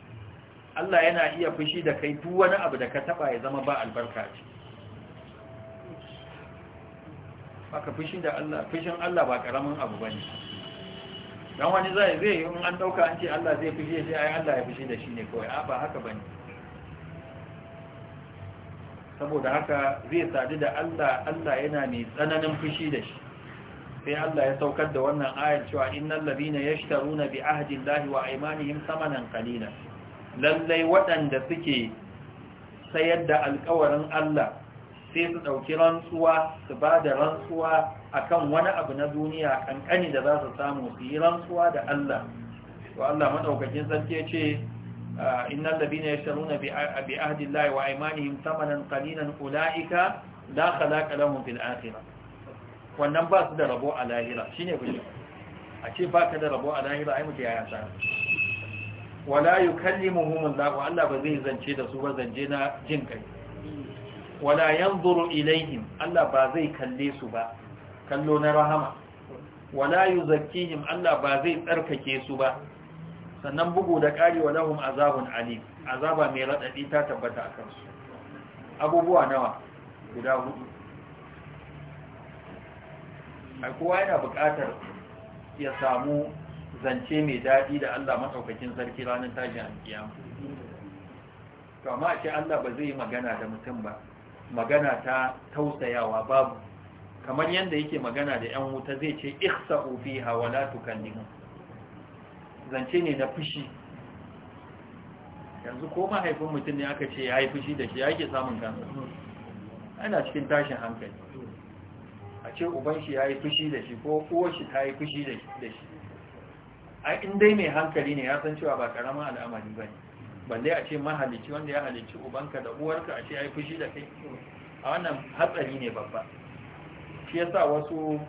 Allah yana iya fushi da kai duk wani abu da ka taba ya zama ba albarka ce haka fushin da Allah fushin Allah ba karamin abu bane dan wani zai zai in an dauka an ce Allah zai fushi sai ai Allah ya fushi da shi ne kawai a ba haka bane saboda haka zai sadu da Allah Allah yana mai tsananin fushi da shi sai Allah ya saukar da wannan ayar cewa innal ladina yashtaruna bi ahdi Allahi wa aymanihim samanan qalila lallai waɗanda suke sayar da alƙawarin Allah sai su ɗauki rantsuwa su ba da rantsuwa akan wani abu na duniya kankani da za su samu su yi rantsuwa da Allah Wa Allah madaukakin sarki ya ce innal ladina yashtaruna bi ahdi Allah wa aymanihim thamanan qalilan ulaika la khalaqa lahum fil akira. wannan ba su da rabo a lahira shine kuke a ce ba ka da rabo a lahira ai muke yaya sa wala yukallimuhum Allah Allah ba zai zance da su ba zance na jin kai wala yanzuru ilaihim Allah ba zai kalle su ba kallo na rahama wala yuzakkihim Allah ba zai tsarkake su ba sannan bugu da kari wa lahum azabun alim azaba mai radadi ta tabbata a kansu abubuwa nawa guda hudu a kowa yana buƙatar ya samu zance mai daɗi da Allah masaukakin sarki ranar tashin alkiyama to amma ce Allah ba zai magana da mutum ba magana ta tausayawa babu kamar yadda yake magana da ‘yan wuta zai ce ikhsa'u fiha wa la tukallimu zance ne na fushi yanzu ko mahaifin mutum ne aka ce ya yi fushi da shi ya yake samun kansa ana cikin tashin hankali a ce uban shi ya yi fushi da shi ko kowa shi ta yi fushi da shi a dai mai hankali ne ya san cewa ba ƙaramin al'amari ba ne balle a ce mahalici wanda ya halicci ubanka da uwarka a ce ya yi fushi da kai a wannan hatsari ne babba shi yasa wasu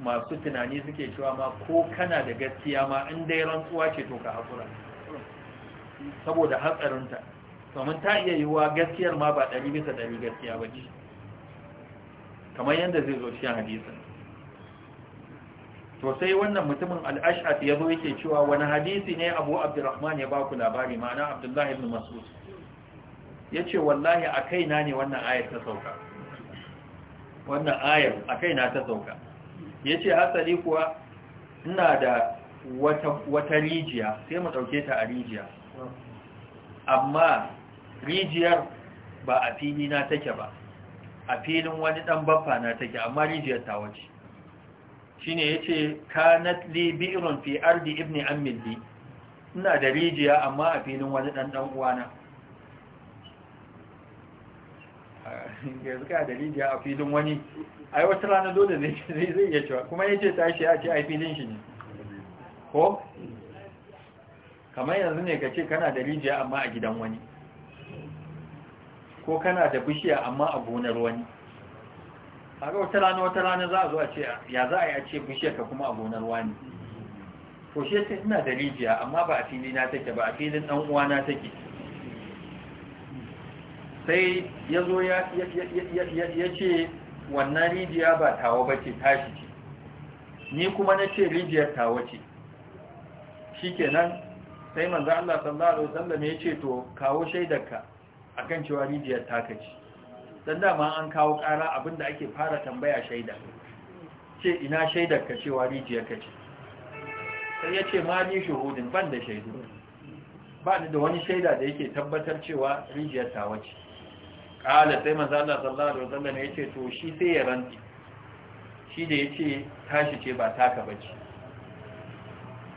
masu tunani suke cewa ma ko kana da gaskiya ma in dai rantsuwa ce to ka haƙura saboda hatsarinta domin ta iya yiwuwa gaskiyar ma ba ɗari bisa ɗari gaskiya ba ce kamar yadda zai zo cikin hadisin to sai wannan mutumin al-ash'ath ya zo yake cewa wani hadisi ne Abu Abdurrahman ya baku labari ma'ana Abdullah ibn Mas'ud yace wallahi a kaina ne wannan ayar ta sauka wannan ayar a kaina ta sauka yace hasali kuwa ina da wata wata rijiya sai mu dauke ta a rijiya amma rijiyar ba a fili na take ba a filin wani ɗan baffa na take amma rijiyar ta wace shine yace kanat li bi'run fi ardi ibni ammi li ina da rijiya amma a filin wani dan dan uwana yanzu ka da rijiya a filin wani ai wata rana dole ne zai iya cewa kuma yace tashi a ce ai filin shi ne ko kamar yanzu ne ka ce kana da rijiya amma a gidan wani ko kana da bishiya amma a gonar wani kaga wata rana wata rana za a zo a ce ya za a yi a ce bishiyar ka kuma a gonar wani to shi ina da rijiya amma ba a fili na take ba a filin dan uwa na take sai ya zo ya ce wannan rijiya ba tawa ce tashi ce ni kuma na ce rijiyar tawa ce shikenan sai manzo Allah sallallahu alaihi wasallam ya ce to kawo shaidarka akan cewa rijiyar taka kace don dama an kawo ƙara abinda ake fara tambaya shaida ce ina shaidar ka cewa rijiyar ka ce sai ya ce ma ni shuhudin ban da shaidu ba ni da wani shaida da yake tabbatar cewa rijiyar ta wace ƙala sai manzo Allah sallallahu alaihi wasallam ya ce to shi sai ya ranti shi da ya ce tashi ce ba taka bace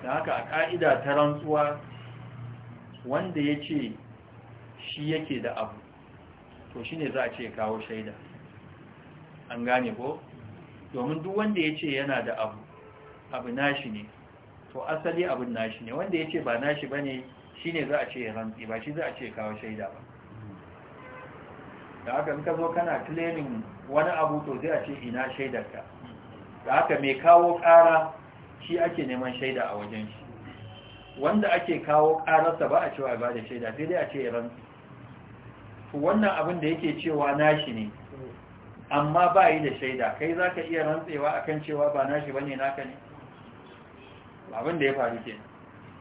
dan haka a ka'ida ta rantsuwa wanda ya ce shi yake da abu to shine za a ce kawo shaida an gane ko domin duk wanda ya ce yana da abu abu nashi ne to asali abin nashi ne wanda ya ce ba nashi ba ne shi ne za a ce rantsi ba shi za a ce kawo shaida ba da haka in ka zo kana claiming wani abu to zai a ce ina shaidarka da haka mai kawo kara shi ake neman shaida a wajen shi wanda ake kawo kararsa ba a cewa ba da shaida sai dai a ce rantsi to wannan abin da yake cewa nashi ne amma ba yi da shaida kai za ka iya rantsewa akan cewa ba nashi ba ne naka ne abin da ya faru ke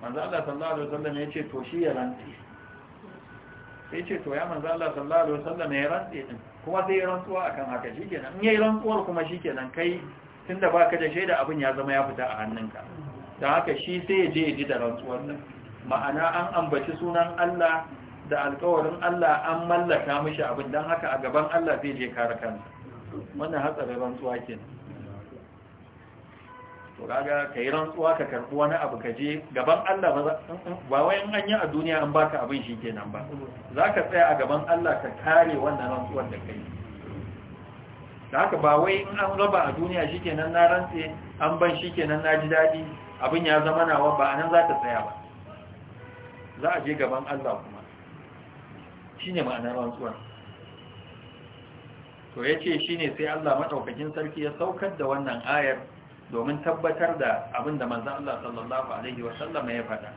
manzo Allah sallallahu alaihi wasallam ya ce to shi ya rantse sai ce to ya manzo Allah sallallahu alaihi wasallam ya rantse din kuma sai ya rantsuwa akan haka shikenan in yi rantsuwar kuma shikenan kai tunda baka da shaida abin ya zama ya fita a hannunka dan haka shi sai ya je ya ji da rantsuwar nan ma'ana an ambaci sunan Allah da alkawarin Allah an mallaka mishi abin don haka a gaban Allah zai je kare kansa wannan hatsari rantsuwa ke to kaga ka yi rantsuwa ka karɓi wani abu ka je gaban Allah ba wai an yi a duniya an baka abin shi kenan ba za ka tsaya a gaban Allah ka kare wannan rantsuwar da kai da haka ba wai in an raba a duniya shi kenan na rantse an ban shi kenan na ji daɗi abin ya zama nawa ba a nan za ta tsaya ba za a je gaban Allah kuma Shi ne ma'anar rantsuwa to ya ce shi ne sai Allah maɗaukakin sarki ya saukar da wannan ayar domin tabbatar da abin da manzan Allah sallallahu alaihi wasallam ya faɗa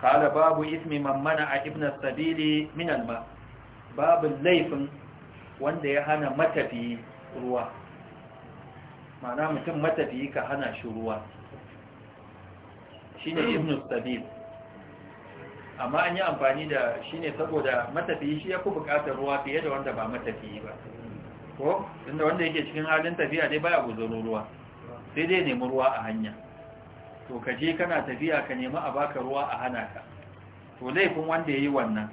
kala babu ismi mammana a ibn sabili min ba, babu laifin wanda ya hana matafi ruwa ma'ana mutum matafi ka hana shi ruwa Shi ne ibn sabili amma an yi amfani da shi ne saboda matafiyi shi ya fi bukatar ruwa fiye da wanda ba matafiyi ba ko inda wanda yake cikin halin tafiya dai baya guzono ruwa sai dai nemi ruwa a hanya to ka je kana tafiya ka nemi a baka ruwa a hana ka to laifin wanda ya yi wannan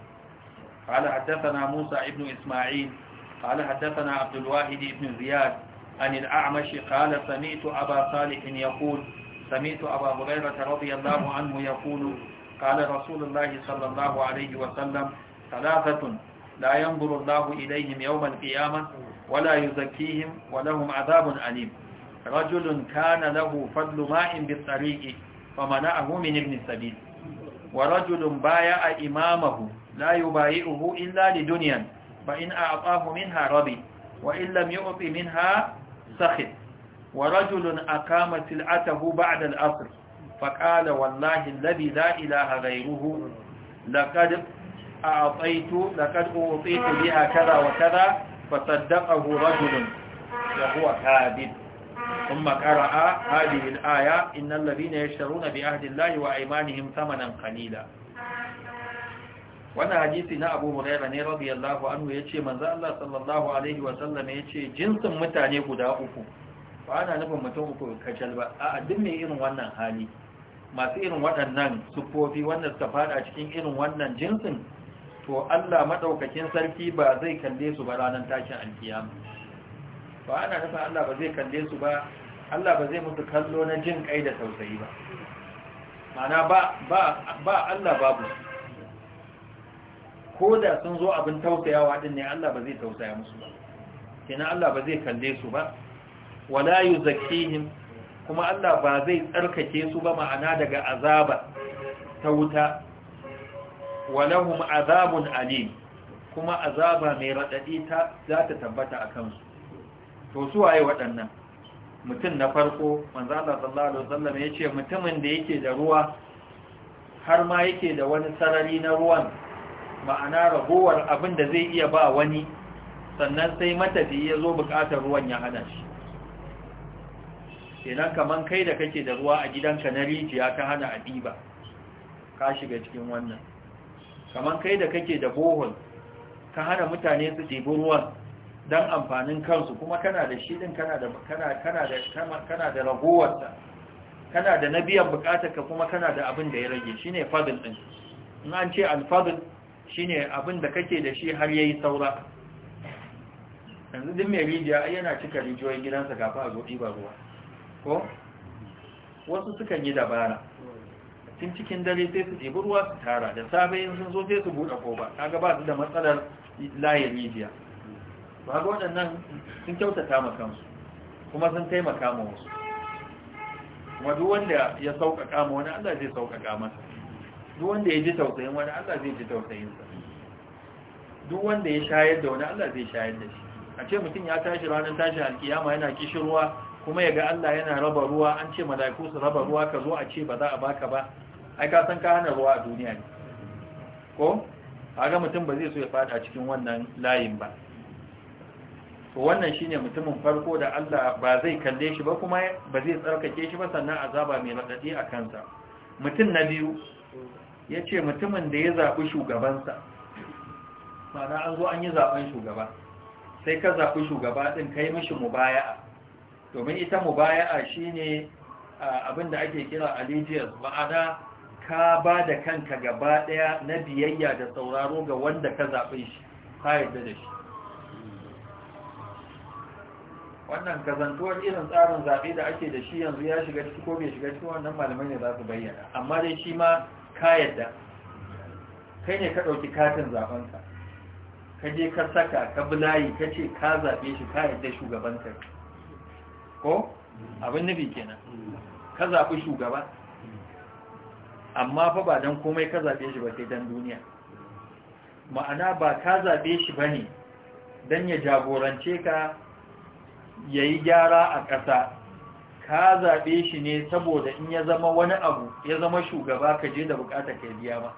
qala حدثنا Musa ابن Isma'il qala حدثنا Abdul Wahid بن Ziyad an al-A'mash Samitu sami'tu Aba Salih yaqul sami'tu Aba رضي radiyallahu anhu yaqulu قال رسول الله صلى الله عليه وسلم ثلاثة لا ينظر الله إليهم يوم القيامة ولا يزكيهم ولهم عذاب أليم رجل كان له فضل ماء بالطريق فمنعه من ابن السبيل ورجل بايع إمامه لا يبايعه إلا لدنيا فإن أعطاه منها ربي وإن لم يعط منها سخط ورجل أقام سلعته بعد الأصر فقال والله الذي لا إله غيره لقد أعطيت لقد أعطيت بها كذا وكذا فصدقه رجل وهو كاذب ثم قرأ هذه الآية إن الذين يشترون بعهد الله وأيمانهم ثمنا قليلا wannan hadisi na abu huraira ne radiyallahu anhu yace manzo Allah sallallahu alaihi wa sallam yace jinsin mutane guda uku ba ana nufin mutum uku kajal ba a duk irin wannan hali masu irin waɗannan sufofi wanda suka faɗa cikin irin wannan jinsin to Allah madaukakin sarki ba zai kalle su ba ranar tashin alkiyama ba ana nasa Allah ba zai kalle su ba Allah ba zai musu kallo na jin kai da tausayi ba mana ba ba Allah babu ko da sun zo abin tausayawa din ne Allah ba zai tausaya musu ba kenan Allah ba zai kalle su ba wala yuzakkihim kuma Allah ba zai tsarkake su ba ma'ana daga azaba ta wuta walahum azabun alim kuma azaba mai radadi ta za ta tabbata a kansu to su waye waɗannan mutum na farko manzo Allah sallallahu alaihi wasallam yace mutumin da yake da ruwa har ma yake da wani sarari na ruwan ma'ana ragowar abin da zai iya ba wani sannan sai matafi ya zo bukatar ruwan ya hana shi kenan kaman kai da kake da ruwa a gidanka na rijiya ka hana adiba ka shiga cikin wannan kaman kai da kake da bohol ka hana mutane su ɗebi ruwan don amfanin kansu kuma kana da shi din kana da kana da ragowarsa kana da na biyan bukatarka kuma kana da abin da ya rage shi ne fadil ɗin in an ce alfadil shi ne abin da kake da shi har ya yi saura yanzu din mai rijiya yana cika rijiyoyin gidansa kafin a zo ɗiba ruwa ko wasu sukan yi dabara tun cikin dare sai su ɗebi ruwa su tara da safe sun zo sai su buɗe koba kaga ba su da matsalar layin rijiya ba ga waɗannan sun kyautata ma kansu kuma sun taimaka ma wasu kuma duk wanda ya sauƙaƙa ma wani Allah zai sauƙaƙa masa duk wanda ya ji tausayin wani Allah zai ji tausayinsa duk wanda ya shayar da wani Allah zai shayar da shi a ce mutum ya tashi ranar tashi alkiyama yana kishirwa kuma yaga Allah yana raba ruwa an ce malaiku su raba ruwa ka zo a ce ba za a baka ba ai ka san ka hana ruwa a duniya ne ko ga mutum ba zai so ya fada cikin wannan layin ba to wannan shine mutumin farko da Allah ba zai kalle shi ba kuma ba zai tsarkake shi ba sannan azaba mai radadi a kansa mutum na biyu yace mutumin da ya zabi shugabansa ma'ana an zo an yi zaben shugaba sai ka zabi shugaba din kai mishi mubaya'a domin ita mubaya'a shine abin da ake kira allegiance ma'ana ka ba da kanka gaba daya na biyayya da sauraro ga wanda ka zaɓe shi ka yadda da shi wannan kazantuwar irin tsarin zaɓe da ake da shi yanzu ya shiga ciki ko bai shiga ciki wannan malamai ne za su bayyana amma dai shi ma ka yadda. kai ne ka ɗauki katin zaɓenka ka je ka saka ka bulayi ka ce ka zaɓe shi ka yarda shugabanka ko abin nufi kenan ka zaɓi shugaba amma fa ba don komai ka zaɓe shi ba sai don duniya ma'ana ba ka zaɓe shi ba ne don ya jagorance ka ya yi gyara a ƙasa ka zaɓe shi ne saboda in ya zama wani abu ya zama shugaba ka je da bukata kai biya ba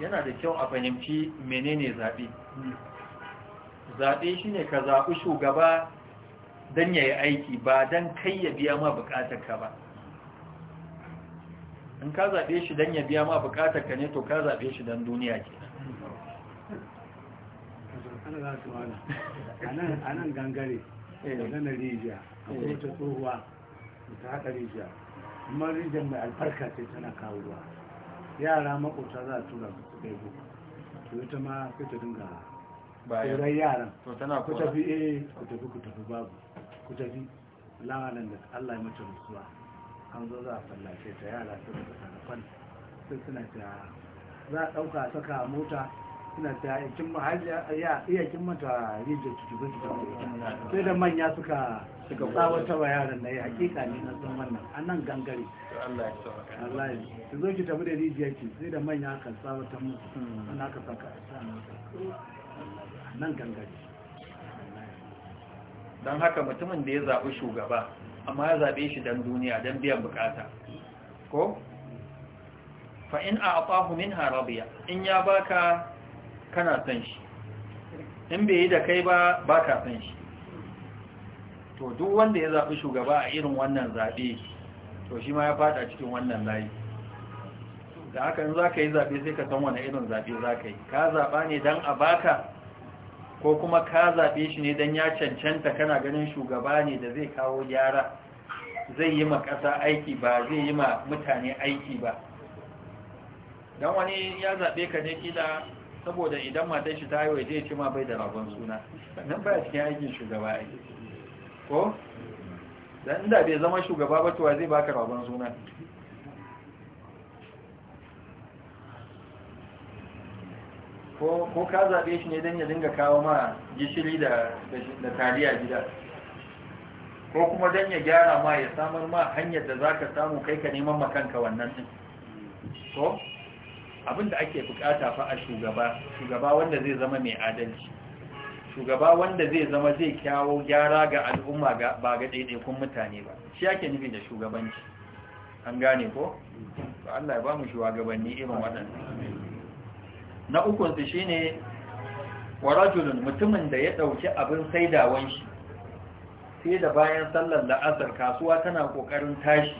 yana da kyau a fahimci menene zaɓe zaɓe shi ne ka zaɓi shugaba don ya yi aiki ba don kai ya biya ma bukatarka ba in ka zaɓe shi don ya biya ma bukatarka ne to ka zaɓe shi don duniya ke a nan gangare da eh. rijiya eh. a ta tsohuwa da haka rijiya amma rijiyar mai alfarka ce tana kawo ruwa yara makota za a tura su ɗaibu to ta ma sai ta dinga turai yaran ku tafi eh ku tafi ku tafi babu ku tafi lamarin da allah ya mace musuwa an zo za a fallace ta yara su da sanafan sai suna ta za a ɗauka saka mota suna ta ikin eh, ya iya kin mata rijiyar tutubu tutubu sai da manya suka suka tsawata wa yaran na yi eh, hakika ne na san wannan a nan gangare Allah ya ki zo ki tafi da rijiyar ki sai da manya kan ta musu hmm. ana ka saka nan ne. don haka mutumin da ya zaɓi shugaba amma ya zaɓe shi don duniya don biyan bukata ko fa'in a afahu min harabiya in ya baka kana san shi in bai yi da kai ba baka san shi to duk wanda ya zaɓi shugaba a irin wannan zaɓe to shi ma ya fada cikin wannan layi da haka in za ka yi zaɓe sai ka san wani irin zaɓe za ka yi ka zaɓa ne don a baka ko kuma ka zaɓe shi ne don ya cancanta kana ganin shugaba ne da zai kawo gyara zai yi ma ƙasa aiki ba zai yi ma mutane aiki ba don wani ya zaɓe ka ne kila saboda idan matan shi ta haiwa zai ce ma bai da rabon suna nan ba cikin aikin shugaba aiki ko? don da bai zama shugaba ba tuwa zai baka rabon suna ko ka zaɓe shi ne don ya dinga kawo ma gishiri da taliya gida ko kuma don ya gyara ma ya samar ma hanyar da za ka samu kai ka neman makanka wannan ɗin ko abinda ake bukata fa a shugaba shugaba wanda zai zama mai adalci shugaba wanda zai zama zai kyawo gyara ga al'umma ba ga ɗaiɗaikun mutane ba shi ake nufi da shugabanci an gane ko? Allah ya ba mu shugabanni irin waɗanda na ukunsu shi ne wa mutumin da ya ɗauki abin saidawan shi sai da bayan sallar la'asar kasuwa tana ƙoƙarin tashi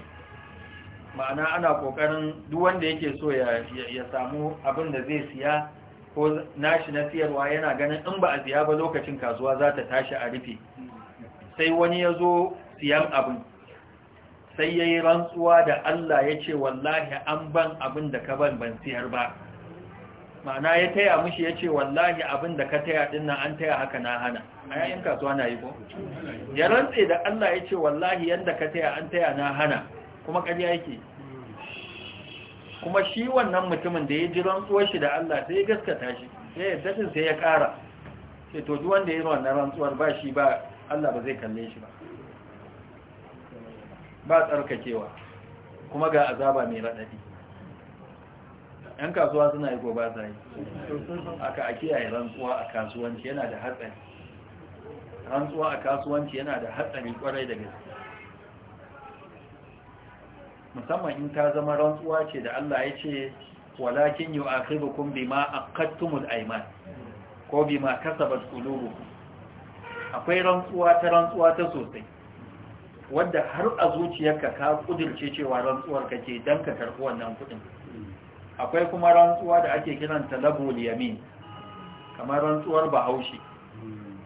ma'ana ana ƙoƙarin duk wanda yake so ya samu abin da zai siya ko nashi na siyarwa yana ganin in ba a siya ba lokacin kasuwa za ta tashi a rufe sai wani ya zo siyan abin sai ya yi rantsuwa da Allah ya ce wallahi an ban abin da ka ban ban siyar ba ma'ana ya taya mushi ya ce wallahi abin da ka taya ɗin nan an taya haka na hana a yayin kasuwa na yi ko ya rantse da Allah ya ce wallahi yadda ka taya an taya na hana kuma ƙarya yake kuma shi wannan mutumin da ya ji rantsuwar shi da Allah sai ya gaskata shi sai ya dafin sai ya kara sai to duk wanda ya yi wannan rantsuwar ba shi ba Allah ba zai kalle shi ba ba tsarkakewa kuma ga azaba mai raɗaɗi yan kasuwa suna yi ko ba sa yi aka a kiyaye rantsuwa a kasuwanci yana da hatsari rantsuwa a kasuwanci yana da hatsari kwarai da gaske musamman in ta zama rantsuwa ce da Allah ya ce walakin yu'akhirukum bima aqadtumul ayman ko bima kasabat qulubukum akwai rantsuwa ta rantsuwa ta sosai wadda har a zuciyarka ka kudirce cewa rantsuwar kake dan ka karbi wannan kudin akwai kuma rantsuwa da ake kiran ta labul yamin kamar rantsuwar bahaushe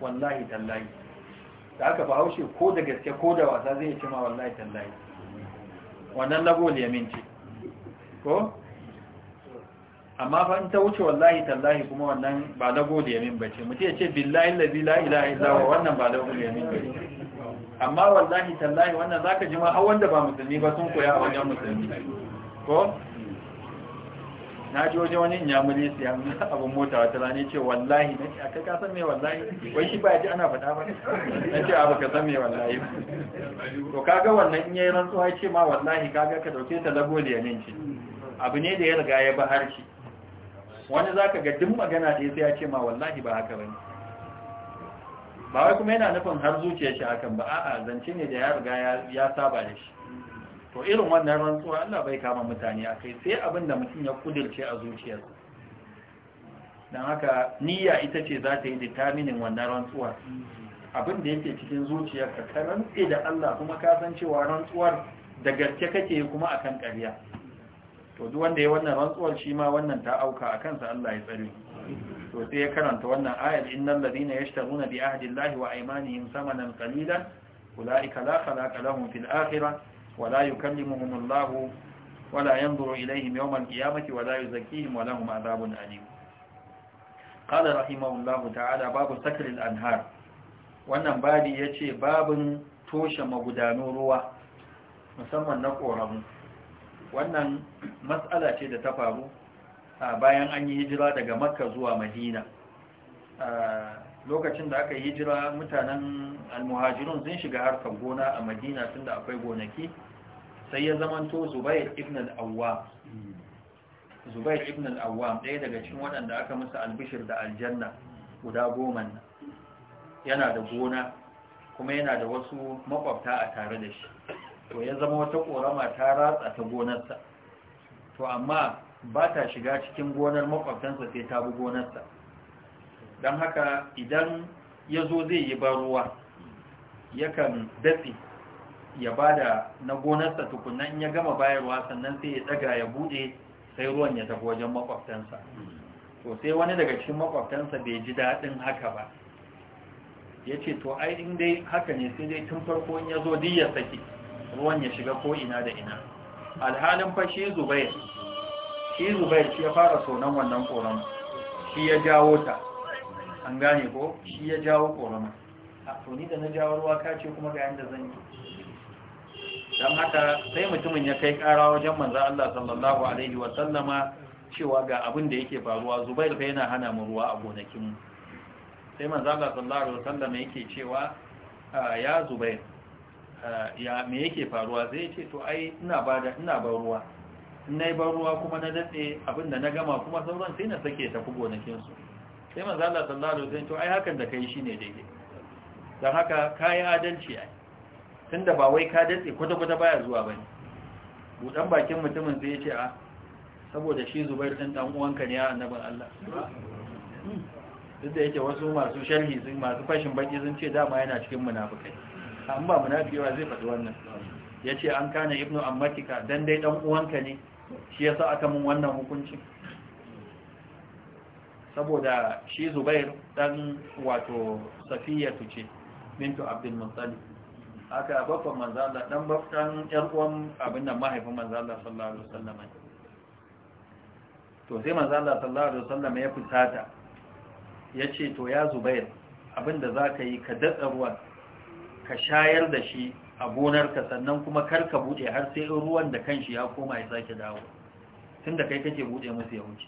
wallahi tallahi da aka bahaushe ko da gaske ko da wasa zai ce ma wallahi tallahi wannan labul yamin ce ko amma fa in ta wuce wallahi tallahi kuma wannan ba labul yamin bace mutum ya ce billahi la ilaha illallah wannan ba labul yamin bace amma wallahi tallahi wannan zaka ji ma har wanda ba musulmi ba sun koya a wajen musulmi ko na ji waje wani inyamuri siyan abin mota wata rani ce wallahi na ce a ka kasan mai wallahi wai shi ba ya ji ana faɗa ba na ce a baka san mai wallahi to kaga wannan in yayi rantsuwa ce ma wallahi kaga ka dauke ta lago da yanin ce abu ne da ya riga ya ba harshe wani zaka ga duk magana da sai ya ce ma wallahi ba haka bane ba wai kuma yana nufin har zuciyar shi hakan ba a'a zance ne da ya riga ya saba da shi to irin wannan rantsuwa Allah bai kama mutane a kai sai abin da mutum ya kudirce a zuciyarsa don haka niyya ita ce za ta yi determining wannan rantsuwa abin da yake cikin zuciyarka ka rantse da Allah kuma ka san cewa rantsuwar da gaske kake kuma akan ƙarya to duk wanda ya wannan rantsuwar shi ma wannan ta auka a kansa Allah ya tsare to sai ya karanta wannan ayat innal ladina yashtaguna bi ahdi Allahi wa aymanihim samanan qalilan ulaika la khalaqa lahum fil akhirah ولا يكلمهم الله ولا ينظر إليهم يوم القيامة ولا يزكيهم ولهم عذاب أليم قال رحمه الله تعالى باب سكر الأنهار wannan babi ya ce babin toshe magudanun ruwa musamman na ƙoramu wannan matsala ce da ta faru bayan an yi hijira daga makka zuwa madina lokacin da aka yi hijira mutanen almuhajirun sun shiga harkar gona a madina tunda akwai gonaki sai ya zamanto zubair ibn al-awwam zubair ibn al-awwam ɗaya daga cikin waɗanda aka musu albishir da aljanna guda goma nan yana da gona kuma yana da wasu makwabta a tare da shi to ya zama wata ƙorama ta ratsa ta gonarsa to amma ba ta shiga cikin gonar makwabtansa sai ta bi gonarsa don haka idan ya zo zai yi ban ruwa yakan datse ya bada na gonarsa tukunan ya gama bayarwa sannan sai ya daga ya bude sai ruwan ya tafi wajen makwabtansa to sai wani daga cikin makwabtansa bai ji daɗin haka ba ya ce to ai in dai haka ne sai dai tun farko in ya zo ya saki ruwan ya shiga ko ina da ina alhalin fa shi zubair shi zubair shi ya fara sonan wannan koron shi ya jawo ta an gane ko shi ya jawo koron a to ni da na jawo ruwa ka ce kuma ga yanda zan yi don haka sai mutumin ya kai kara wajen manzan Allah sallallahu alaihi wa sallama cewa ga abin da yake faruwa zubair fa yana hana mu ruwa a gonakin sai manzan Allah sallallahu alaihi wa sallama yake cewa ya zubair ya me yake faruwa zai ce to ai ina ba da ina ba ruwa na yi ban ruwa kuma na datse abinda na gama kuma sauran sai na sake tafi gonakinsu sai Allah sallallahu alaihi wasallam to ai hakan da kai shine daidai dan haka kai adalci ai tunda ba wai ka datse kwata-kwata baya zuwa ba ne. budan bakin mutumin sai ce a ah, saboda shi Zubair din dan uwanka ne ya annabin Allah duk da yake wasu masu sharhi sun masu fashin baki sun ce dama yana cikin munafikai amma ba ba zai faɗi wannan Ya ce an kana ibnu ammatika dan dai dan uwanka ne shi yasa aka mun wannan hukunci saboda shi Zubair dan wato Safiyatu ce mintu Abdul haka babban manzo Allah dan babban yar uwan abin nan mahaifin manzo Allah sallallahu alaihi wasallam to sai manzo Allah sallallahu alaihi wasallam ya fusata yace to ya Zubair abinda zaka yi ka dada ruwan ka shayar da shi a gonarka sannan kuma kar ka bude har sai ruwan da kanshi ya koma ya sake dawo tunda kai kake bude musu ya wuce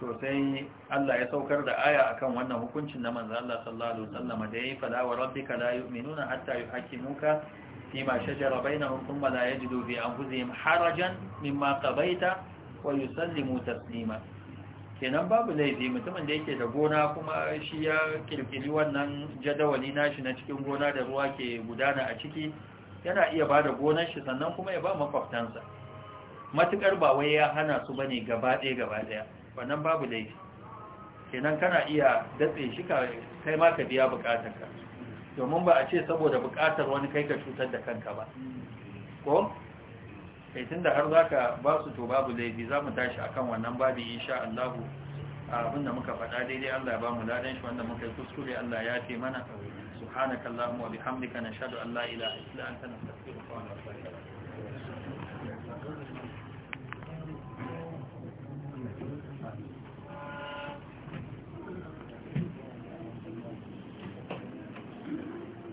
to sai Allah ya saukar da aya akan wannan hukuncin na manzo Allah sallallahu alaihi wasallam da yayi fala wa rabbika la yu'minuna hatta yuhaqqimuka fima shajara bainahum thumma la yajidu fi anfusihim harajan mimma qabaita wa yusallimu taslima kenan babu laifi mutumin da yake da gona kuma shi ya kirkiri wannan jadawali nashi na cikin gona da ruwa ke gudana a ciki yana iya bada gonar shi sannan kuma ya ba makwabtansa matukar ba wai ya hana su bane gaba ɗaya gaba ɗaya wannan babu laifi kenan kana iya datse shi kai ma ka biya ka domin ba a ce saboda bukatar wani kai ka cutar da kanka ba ko sai tun da har za ka ba su to babu laifi za mu tashi akan wannan babu insha Allahu abinda muka faɗa daidai Allah ya ba mu ladan shi wanda muka yi kuskure Allah ya ce mana subhanakallahumma wa bihamdika nashhadu an la ilaha illa anta nastaghfiruka wa natubu ilayk